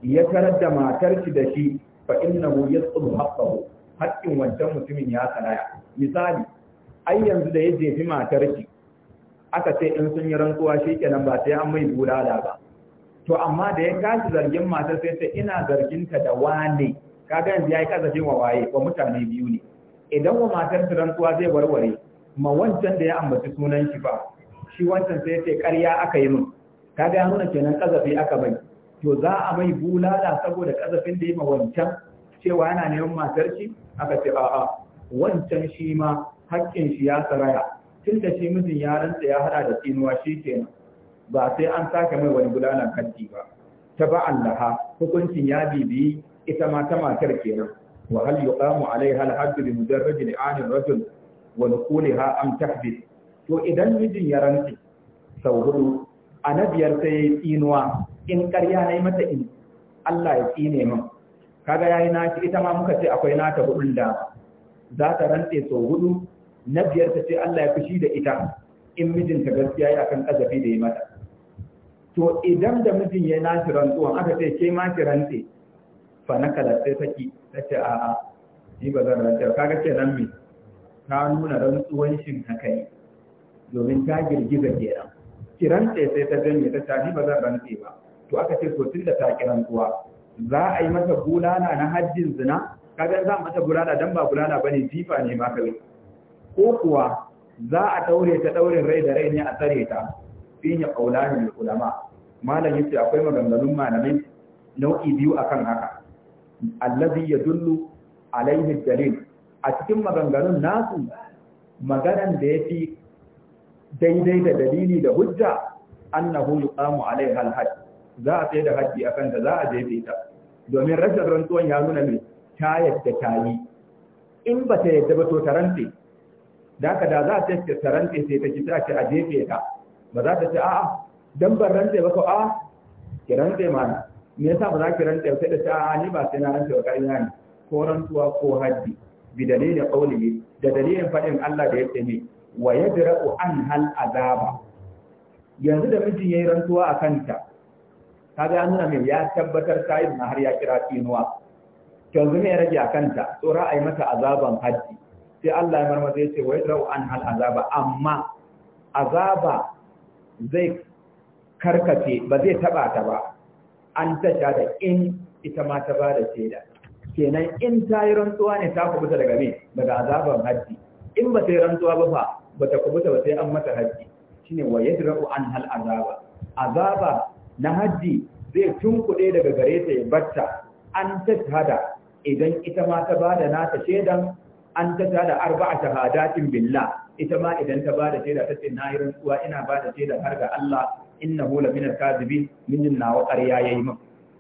ya tarar da matar shi da shi fa innahu yasbu haqqahu haƙƙin wancan mutumin ya sanaya misali ai yanzu da ya jefi matar shi aka ce in sun yi rantsuwa shi kenan ba sai an mai bulala ba to amma da ya kashi zargin matar sai sai ina zargin ta da wane kaga yanzu yayi kazafin wa waye wa mutane biyu ne idan wa matar rantsuwa zai warware ma wancan da ya ambaci sunan shi ba shi wancan sai sai karya aka yi min kaga ya nuna kenan kazafi aka bai to za a mai bulala saboda kazafin da ya ma wancan cewa yana neman matar shi aka ce a'a wancan shi ma haƙƙin shi ya saraya tun da shi mijin yaransa ya hada da tsinuwa shi kenan ba sai an sake mai wani bulalan kanti ba ta ba allaha hukuncin ya bibiyi ita ma ta matar kenan wa hal yuqamu alaiha al-hadd bi mujarrad li'an rajul wa am tahdith to idan mijin ya rantsi sau hudu biyar sai tsinuwa in ƙarya nayi mata in Allah ya tsine min kaga yayi naci ita ma muka ce akwai nata hudun da za ta rantse sau hudu na biyar ta ce Allah ya fushi da ita in mijinta gaskiya ya kan azabi da ya mata to idan da mijin ya nashi rantsuwan aka ce ke ma ki rantse fa na kala sai take ta ce a a ni ba zan rantsa kaga kenan me ta nuna rantsuwan shin haka kai domin ta girgiza kenan ki rantse sai ta janye ta ce ni ba zan rantse ba to aka ce to tunda ta ki rantsuwa za a yi mata bulala na hajjin zina kaga zan mata bulala dan ba bulala bane jifa ne ma kawai ko kuwa za a daure ta daurin rai da rai ne a tsare ta fihi da ulama malam yace akwai maganganun malamai nau'i biyu akan haka allazi yadullu alaihi dalil a cikin maganganun nasu maganan da ya fi daidai da dalili da hujja annahu yuqamu alaiha alhajj za a tsaye da haji akan ta za a jefe ta domin rashin rantsuwan ya nuna mai ta yadda ta yi in ba ta yadda ba to ta rantse da aka da za ta ce ta rantse sai ta kita ce a jefe ka ba za ta ce a'a dan ban rantse ba ko a'a ki rantse mana me yasa ba za ki rantse sai da ta a'a ni ba sai na rantse ba kai ne ko rantsuwa ko haddi bi dalilin qawlihi da dalilin fadin Allah da yake ne wa yadra'u an hal azaba yanzu da mijin yayi rantsuwa a kanta kaga an nuna mai ya tabbatar ta yi har ya kira tinuwa to yanzu ya rage a kanta tsora a yi mata azaban haddi sai Allah ya marmaza ya ce wa yadda an hal azaba amma azaba zai karkace ba zai taba ta ba an tasha da in ita ma ta ba da shaida kenan in ta yi rantsuwa ne ta kubuta daga me daga azaban haddi in ba ta yi rantsuwa ba fa ba ta kubuta ba sai an mata haddi shine wa yadda an hal azaba azaba na haddi zai tunkuɗe daga gare ta ya batta an da idan ita ma ta ba da nata shaidan an ta da arba'a shahadatin billah ita ma idan ta bada shaida ta ce nayi rantsuwa ina bada shaida har ga Allah innahu la minal kadhibin min nawa ƙarya yayi min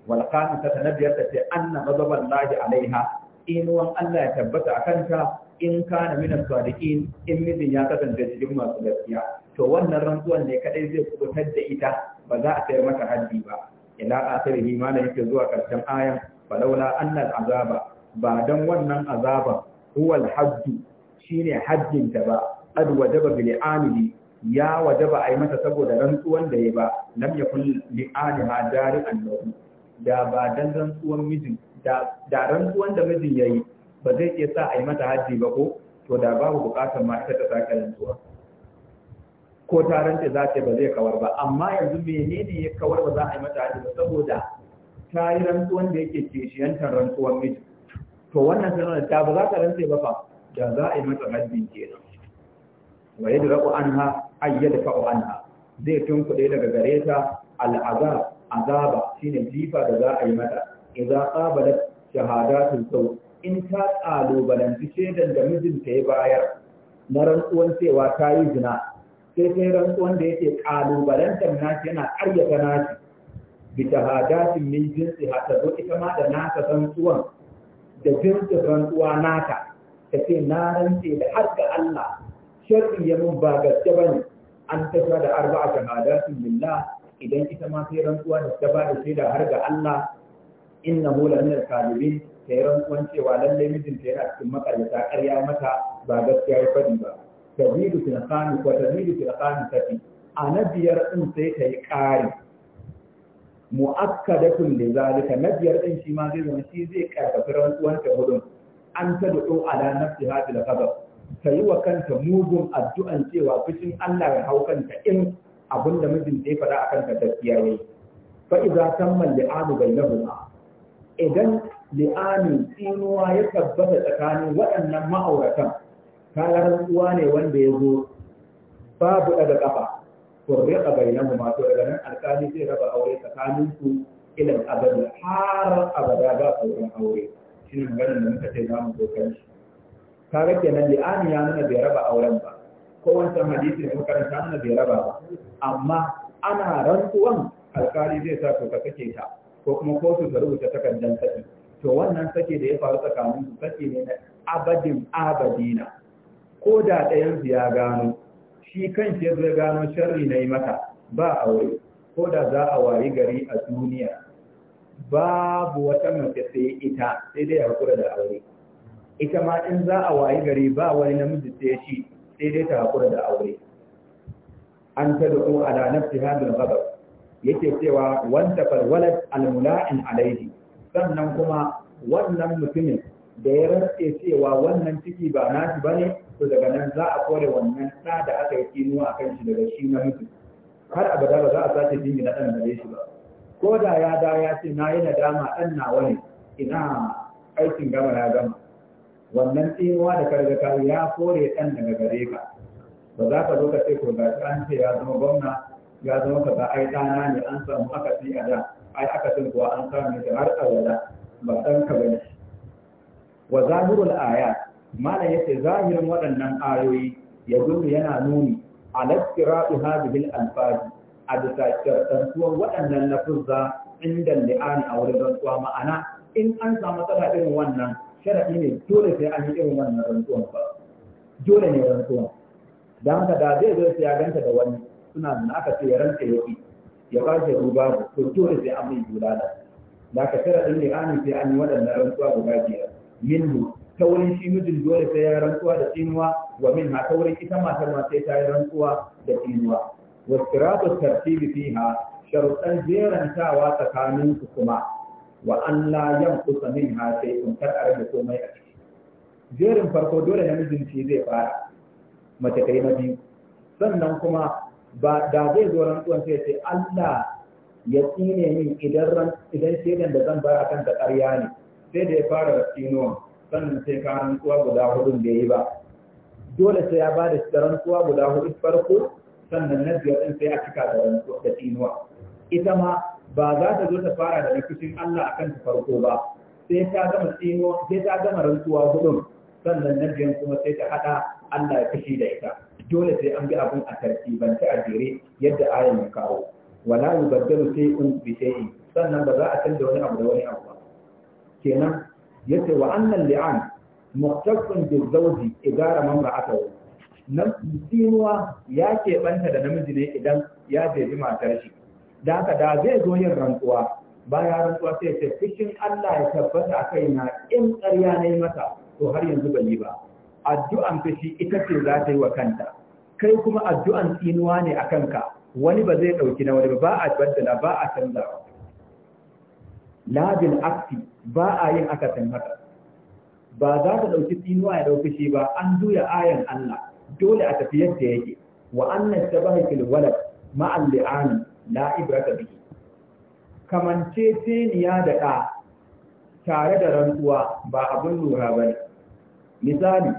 wal qamisa ta nabiyar ta ce anna ghadaban lahi alaiha inuwan Allah ya tabbata akan ta in kana minal sadiqin in mijin ya kasance cikin masu gaskiya to wannan rantsuwan ne kadai zai kubutar da ita ba za a sayar mata haddi ba ila akhirih ma da yake zuwa karshen ayan falaula annal azaba ba dan wannan azaban. huwa al-haddu shine haddin da ba ad wajaba bil amili ya wajaba ai mata saboda rantsuwan da ya ba lam yakun li aliha dari annabi da rantsuwan da da rantsuwan da mijin yayi ba zai iya sa ai mata hajji ba ko to da babu bukatar ma ita ta sake rantsuwa ko ta rantsa za ta ba zai kawar ba amma yanzu menene ya kawar ba za a yi mata haddi ba saboda ta yi rantsuwan da yake kishiyantar rantsuwan mijin to wannan sanar ta ba za ka rantse ba fa da za a yi mata rabbin kenan wa yadra'u anha ayyadfa'u anha zai tunkuɗe daga gare ta al'azab azaba shine jifa da za a yi mata idza shahada shahadatul sau in ta kalubalanci shaidan da mijinta ya bayar na rantsuwan cewa ta yi zina sai sai rantsuwan da yake kalubalantar nashi yana ƙaryata nashi bi shahadatin min jinsi hatta zo ita ma da nasa rantsuwan da jirgin rantsuwa naka ta ce na rantse da har ga Allah shirin ya mun ba gaske ba ne an tafiya da arba'a shahadatin billah idan ita ma sai rantsuwa da ta ba da shaida har ga Allah inna na la minal ta yi rantsuwan cewa lallai mijinta yana cikin makaryata ƙarya mata ba gaskiya ya faɗi ba tazidu tilqani wa tazidu ta tafi a na biyar ɗin sai ta yi ƙari mu'akkadatun da zalika na biyar din shi ma zai zama shi zai karfafi rantsuwan ta hudun an ta dudu ala nafsi da qadar ta yi wa kanta mugun addu'an cewa fushin Allah ya hau kanta in abinda mijin ya faɗa akan ta gaskiya ne. fa idza tamma li'anu bainahuma idan li'anu tsinuwa ya tabbata tsakanin waɗannan ma'auratan kalar rantsuwa ne wanda ya zo babu ɗaga kafa furriqa bainahuma to daga nan alƙali zai raba aure tsakanin su ila abada har abada ba sauran aure shine maganar da muka ce za mu dokar shi kaga kenan li'ani ya nuna bai raba auren ba ko hadisi da makaranta karanta nuna bai raba ba amma ana rantsuwan alƙali zai sa to ka sake ta ko kuma kotu ta rubuta takardar saki to wannan saki da ya faru tsakanin su sake ne na abadin abadina ko da ɗayan ya gano shi kan shi ya gano sharri na yi mata ba aure ko da za a wayi gari a duniya babu wata mace sai ita sai dai da aure ita ma in za a wayi gari ba wani namiji sai shi sai dai ta haƙura da aure an ta da kuma ala nafsi hadin gabar yake cewa wanda farwalat almula'in alaihi sannan kuma wannan mutumin da ya rantse cewa wannan ciki ba shi ba ne to daga nan za a kore wannan ɗa da aka yi kinuwa a kan shi daga shi na mutu. har abada ba za a sace na ɗan gare shi ba ko da ya da ya ce na yi nadama ɗan nawa ne ina aikin gama na gama wannan tsinuwa da kargaka ya kore ɗan daga gare ka ba za ka zo ka ce ko gashi an ce ya zama gwamna ya zama kaza ai ɗana ne an samu akasi a da ai akasin kuwa an samu da har abada ba ɗan ka bane wa zahirul ayat malam yace zahirin waɗannan ayoyi ya gudu yana nuni ala istiratu hadhihi al-alfaz a bisa tartuwar waɗannan lafuzza inda li'ani a wurin rantsuwa ma'ana in an samu tsara irin wannan sharaɗi ne dole sai an yi irin wannan rantsuwan ba dole ne rantsuwan Dan haka da zai zo sai ya ganta da wani suna da aka ce ya rantsa ya ya ba shi ruba to dole sai an yi bulala da aka sharaɗin li'ani sai an yi waɗannan rantsuwa guda biyar minhu ta shi mijin dole sai ya rantsuwa da tinuwa wa minha ta wurin ita matar ma sai ta yi rantsuwa da tinuwa wa siratu tartibi fiha sharuɗan jerantawa tsakanin su kuma wa an la yanqusa ha sai kun kar a rage komai a ciki jerin farko dole namijin shi zai fara mace kai na biyu sannan kuma ba da zai zo rantsuwan sai sai Allah ya tsine min idan idan shedan da zan bar akan ƙarya ne sai da ya fara tsinuwan sannan sai ka rantsuwa guda hudun da yi ba dole sai ya ba da rantsuwa guda hudu farko sannan na biyar ɗin sai a cika da rantsuwa da tinuwa ita ma ba za ta zo ta fara da rikicin Allah a kanta farko ba sai ta gama tinuwa sai ta gama rantsuwa hudun sannan na biyan kuma sai ta haɗa Allah ya kashi da ita dole sai an bi abin a tartibance a jere yadda ayan ya kawo wala yubaddalu shay'un bi shay'in sannan ba za a canza wani abu da wani abu ba kenan yace wa annal li'an muqtasun bil zawji idara man ra'atahu nan tsinuwa ya banta da namiji ne idan ya jeji matar shi da haka da zai zo yin rantsuwa baya rantsuwa sai ce fushin Allah ya tabbata a na in ƙarya na yi masa to har yanzu bai yi ba addu'an fushi ita ce za ta yi wa kanta kai kuma addu'an tsinuwa ne a kanka wani ba zai ɗauki na wani ba ba a baddala ba a canza la bil aksi ba a yin akasin haka ba za ta ɗauki tsinuwa ya ɗauki shi ba an juya ayan Allah dole a tafi yadda yake wa annan ta fil walad ma'al li'an la ibrata bihi kamanceceniya da ɗa tare da rantsuwa ba abin lura ba ne misali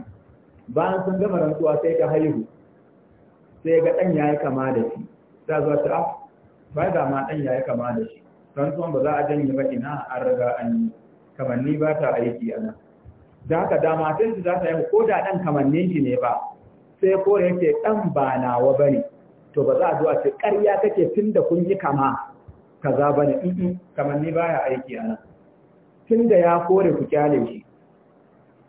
bayan sun gama rantsuwa sai ka haihu sai ga ɗan ya yi kama da shi ta zuwa ta ah, ba ma ɗan ya yi kama da shi rantsuwan ba za a janye ba ina an riga an yi kamanni ba ta aiki a nan da haka da matan su za ta yi ko da ɗan kamannin shi ne ba sai ko da yake ɗan ba nawa ba ne to ba za a zo a ce ƙarya kake tun da kun yi kama kaza ba ne kamanni ba ya aiki a nan tun da ya kore ku kyale shi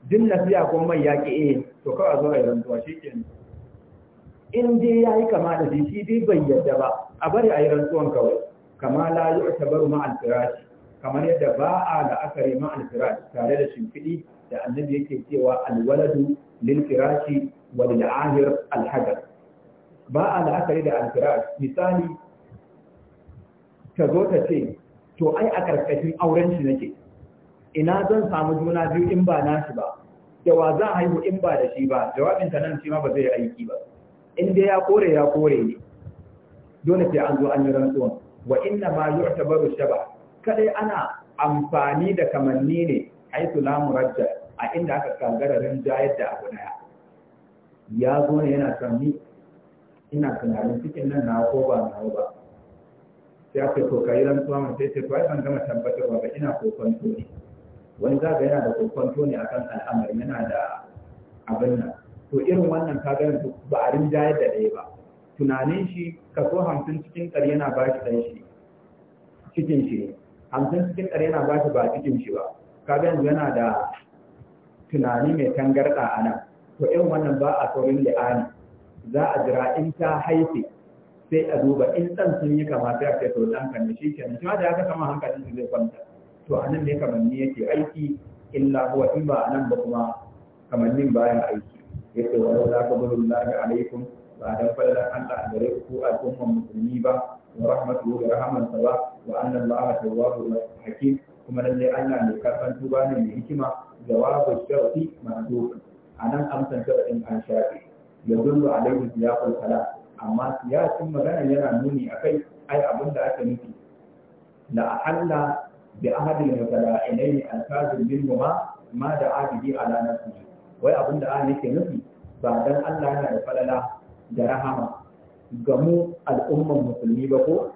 din siya ko mai ya eh to kawai zo a rantsuwa shi ke in dai ya yi kama da shi shi dai bai yadda ba a bari a yi rantsuwan kawai kama la yu'tabaru ma al kamar yadda ba a la'akari ma tare da shimfidi da annabi yake cewa alwaladu, waladu lil firashi wa lil ba a la'akari da alfirat, misali ta zo ta ce to ai a karkashin auren shi nake ina zan samu juna biyu in ba nashi ba cewa za a haihu in ba da shi ba jawabin ta nan shi ma ba zai aiki ba in dai ya kore ya kore ne dole sai an zo an yi rantsuwan wa inna ma yu'tabaru shaba kadai ana amfani da kamanni ne haitu la murajja a inda aka kangararin ja da abu daya ya zo ne yana son ni ina tunanin cikin nan na ko ba na ba sai aka to kai ran tuwa mun sai sai ban gama tabbatarwa ba ina kokonto ne wani zaga yana da kokonto ne akan al'amari yana da abin nan to irin wannan kaga ba a rinjayar da dai ba tunanin shi kaso hamsin cikin ɗari yana ba shi ɗan shi cikin shi hamsin cikin yana ba shi ba cikin shi ba kaga yanzu yana da tunani mai tangarɗa a nan to in wannan ba a saurin li'ani za a jira in ta haife sai a duba in ɗan sun yi sai a kai ɗan kan shi kenan shi ma da ya kama hankalin su zai kwanta to a nan ne kamanni yake aiki illa huwa in ba a nan ba kuma kamannin bayan aiki yake wa za ka gudu lafi alaikum ba dan falalar Allah gare ku al'umman musulmi ba wa rahmatu, wa rahmansa ba wa anna Allah tawwabur hakim kuma lalle Allah ne karban tuba ne mai hikima jawabu sharti mahdud anan amsan sharadin an shafi yadullu alaihi siyaqul kalam amma siyasin magana yana nuni akai ai abin da aka nufi la ahalla bi ahadil mutala'inaini al-kazib minhuma ma da abidi ala nafsihi wai abin da yake nufi ba dan Allah yana da falala da rahama ga mu al'umman musulmi ba ko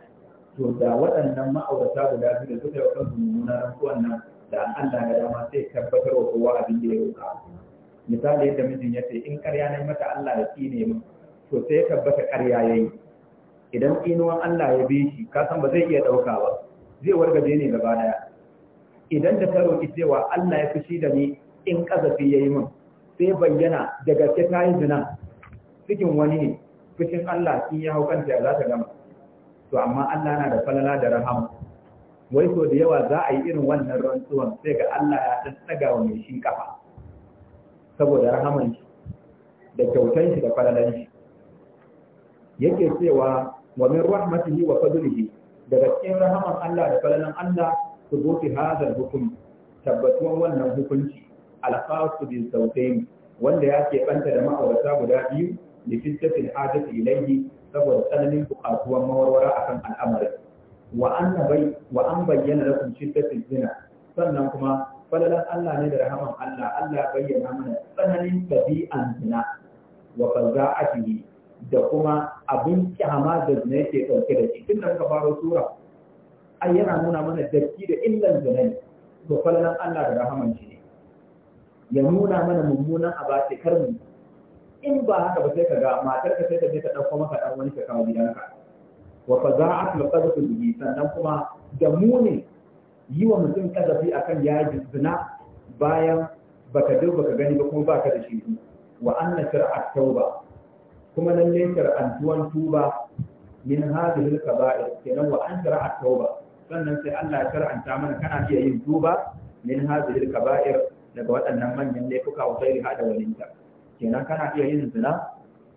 to da waɗannan ma'aurata guda biyu da suka yi wa kansu mummunan rantsuwan nan da Allah ya dama sai tabbatar wa kowa abin da ya roƙa misali yadda mijin ya ce in ƙarya na mata Allah ya tsine mu to sai ya tabbata ƙarya ya yi idan tsinuwan Allah ya bi shi ka san ba zai iya ɗauka ba zai wargaje ne gaba ɗaya idan da ta roƙi cewa Allah ya fushi da ni in ƙazafi ya yi min sai bayyana da gaske ta yi zina cikin wani ne fushin Allah in ya hau kanta za ta gama to amma Allah na da falala da rahama wai so da yawa za a yi irin wannan rantsuwan sai ga Allah ya san wa mai shi kafa saboda rahaman shi da kyautan shi da falalan shi yake cewa wa min rahmatihi wa fadlihi daga cikin rahaman Allah da falalan Allah su gofi hadal hukum tabbatuwan wannan hukunci alfasu bi sautayn wanda ya ke banta da ma'aurata guda biyu li fitatil hajati saboda tsananin buƙatuwar mawarwara akan al'amarin wa anna bai wa an bayyana lakum shiddatil zina sannan kuma falalan Allah ne da rahaman Allah Allah bayyana mana tsananin dabi'an zina wa faza'atihi da kuma abin kyama da zina dauke da shi tun da muka faro sura ai yana nuna mana datti da illan zina ne to falalan Allah da rahaman shi ya nuna mana mummunan abace kar mu in ba haka ba sai ka ga matar ka sai ta je ta ɗauko maka ɗan wani ka kawo gidanka wa fa za a sannan kuma da ne yi wa mutum ƙazafi akan kan yi zina bayan ka dau ka gani ba kuma ka da shi wa anna shar'at tauba kuma lalle shar'antuwan tuba min hadhihi al-kaba'ir kenan wa an tauba sannan sai Allah ya shar'anta mana kana iya yin tuba min hadhihi al-kaba'ir daga waɗannan manyan laifuka wa ghairiha da walinta kenan kana iya yin zina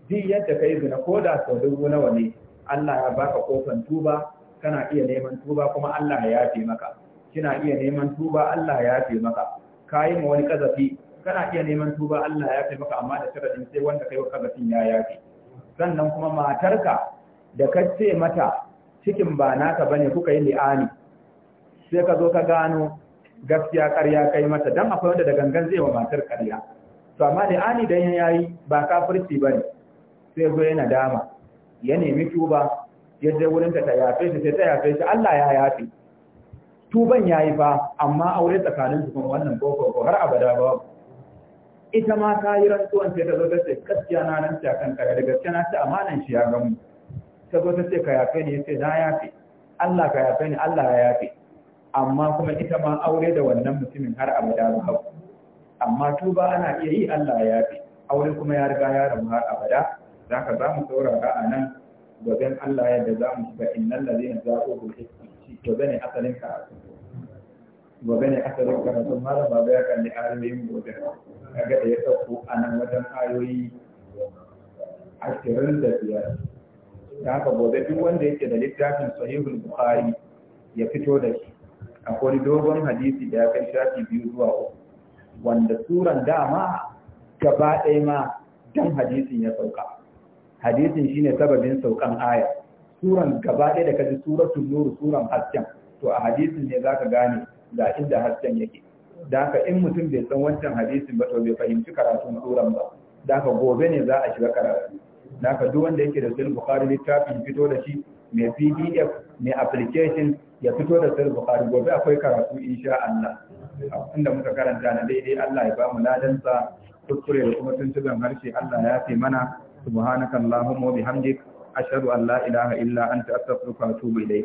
duk yadda ka yi zina ko da sau dubu nawa ne Allah ya baka kofan tuba kana iya neman tuba kuma Allah ya yafe maka kina iya neman tuba Allah ya yafe maka ka ma wani kazafi kana iya neman tuba Allah ya yafe maka amma da sharadin sai wanda kai wa kazafin ya yafe sannan kuma matarka da ka ce mata cikin ba naka bane kuka yi li'ani sai ka zo ka gano gaskiya ƙarya kai mata dan akwai wanda da gangan zai wa matar ƙarya to amma da ani dan yayi ba kafirci bane sai go yana dama ya nemi tuba ya je wurin ta yafe shi sai ta yafe shi Allah ya yafe tuban yayi fa amma aure tsakanin su kuma wannan boko ko har abada ba ita ma ta yi rantsuwan sai ta zo ta ce gaskiya na nan ta kanka da gaskiya na ta amanan shi ya gamu ta zo ta ce ka yafe ni sai na yafe Allah ka yafe ni Allah ya yafe amma kuma ita ma aure da wannan mutumin har abada ba amma tuba ana iya yi Allah ya fi aure kuma ya riga ya rabu har abada za ka za mu saurara a nan gobe Allah yadda za mu shiga innan lalle na zaɓo bulhiski gobe ne asalin ka gobe ne asalin malam ba ya kalli ayoyin gobe kaga da ya ɗauko a nan wajen ayoyi ashirin da biyar da haka gobe duk wanda yake da littafin sahihul bukhari ya fito da shi akwai dogon hadisi da ya kai shafi biyu zuwa uku wanda suran dama gaba ɗaya ma dan hadisin ya sauka hadisin shine sababin saukan aya suran gaba ɗaya da kaji suratul nuru, suran hasken to a hadisin ne zaka gane ga inda hasken yake da haka in mutum bai san wancan hadisin ba to bai fahimci karatun suran ba da haka gobe ne za a shiga karatu da haka duk wanda yake da sulh bukhari littafin fito da shi mai pdf mai application ya fito da sulh bukhari gobe akwai karatu insha Allah inda muka karanta na daidai Allah ya bamu ladansa kuskure da kuma tuntuban harshe Allah ya fi mana subhanakallahumma wa bihamdik ashhadu an la ilaha illa anta astaghfiruka wa atubu ilayka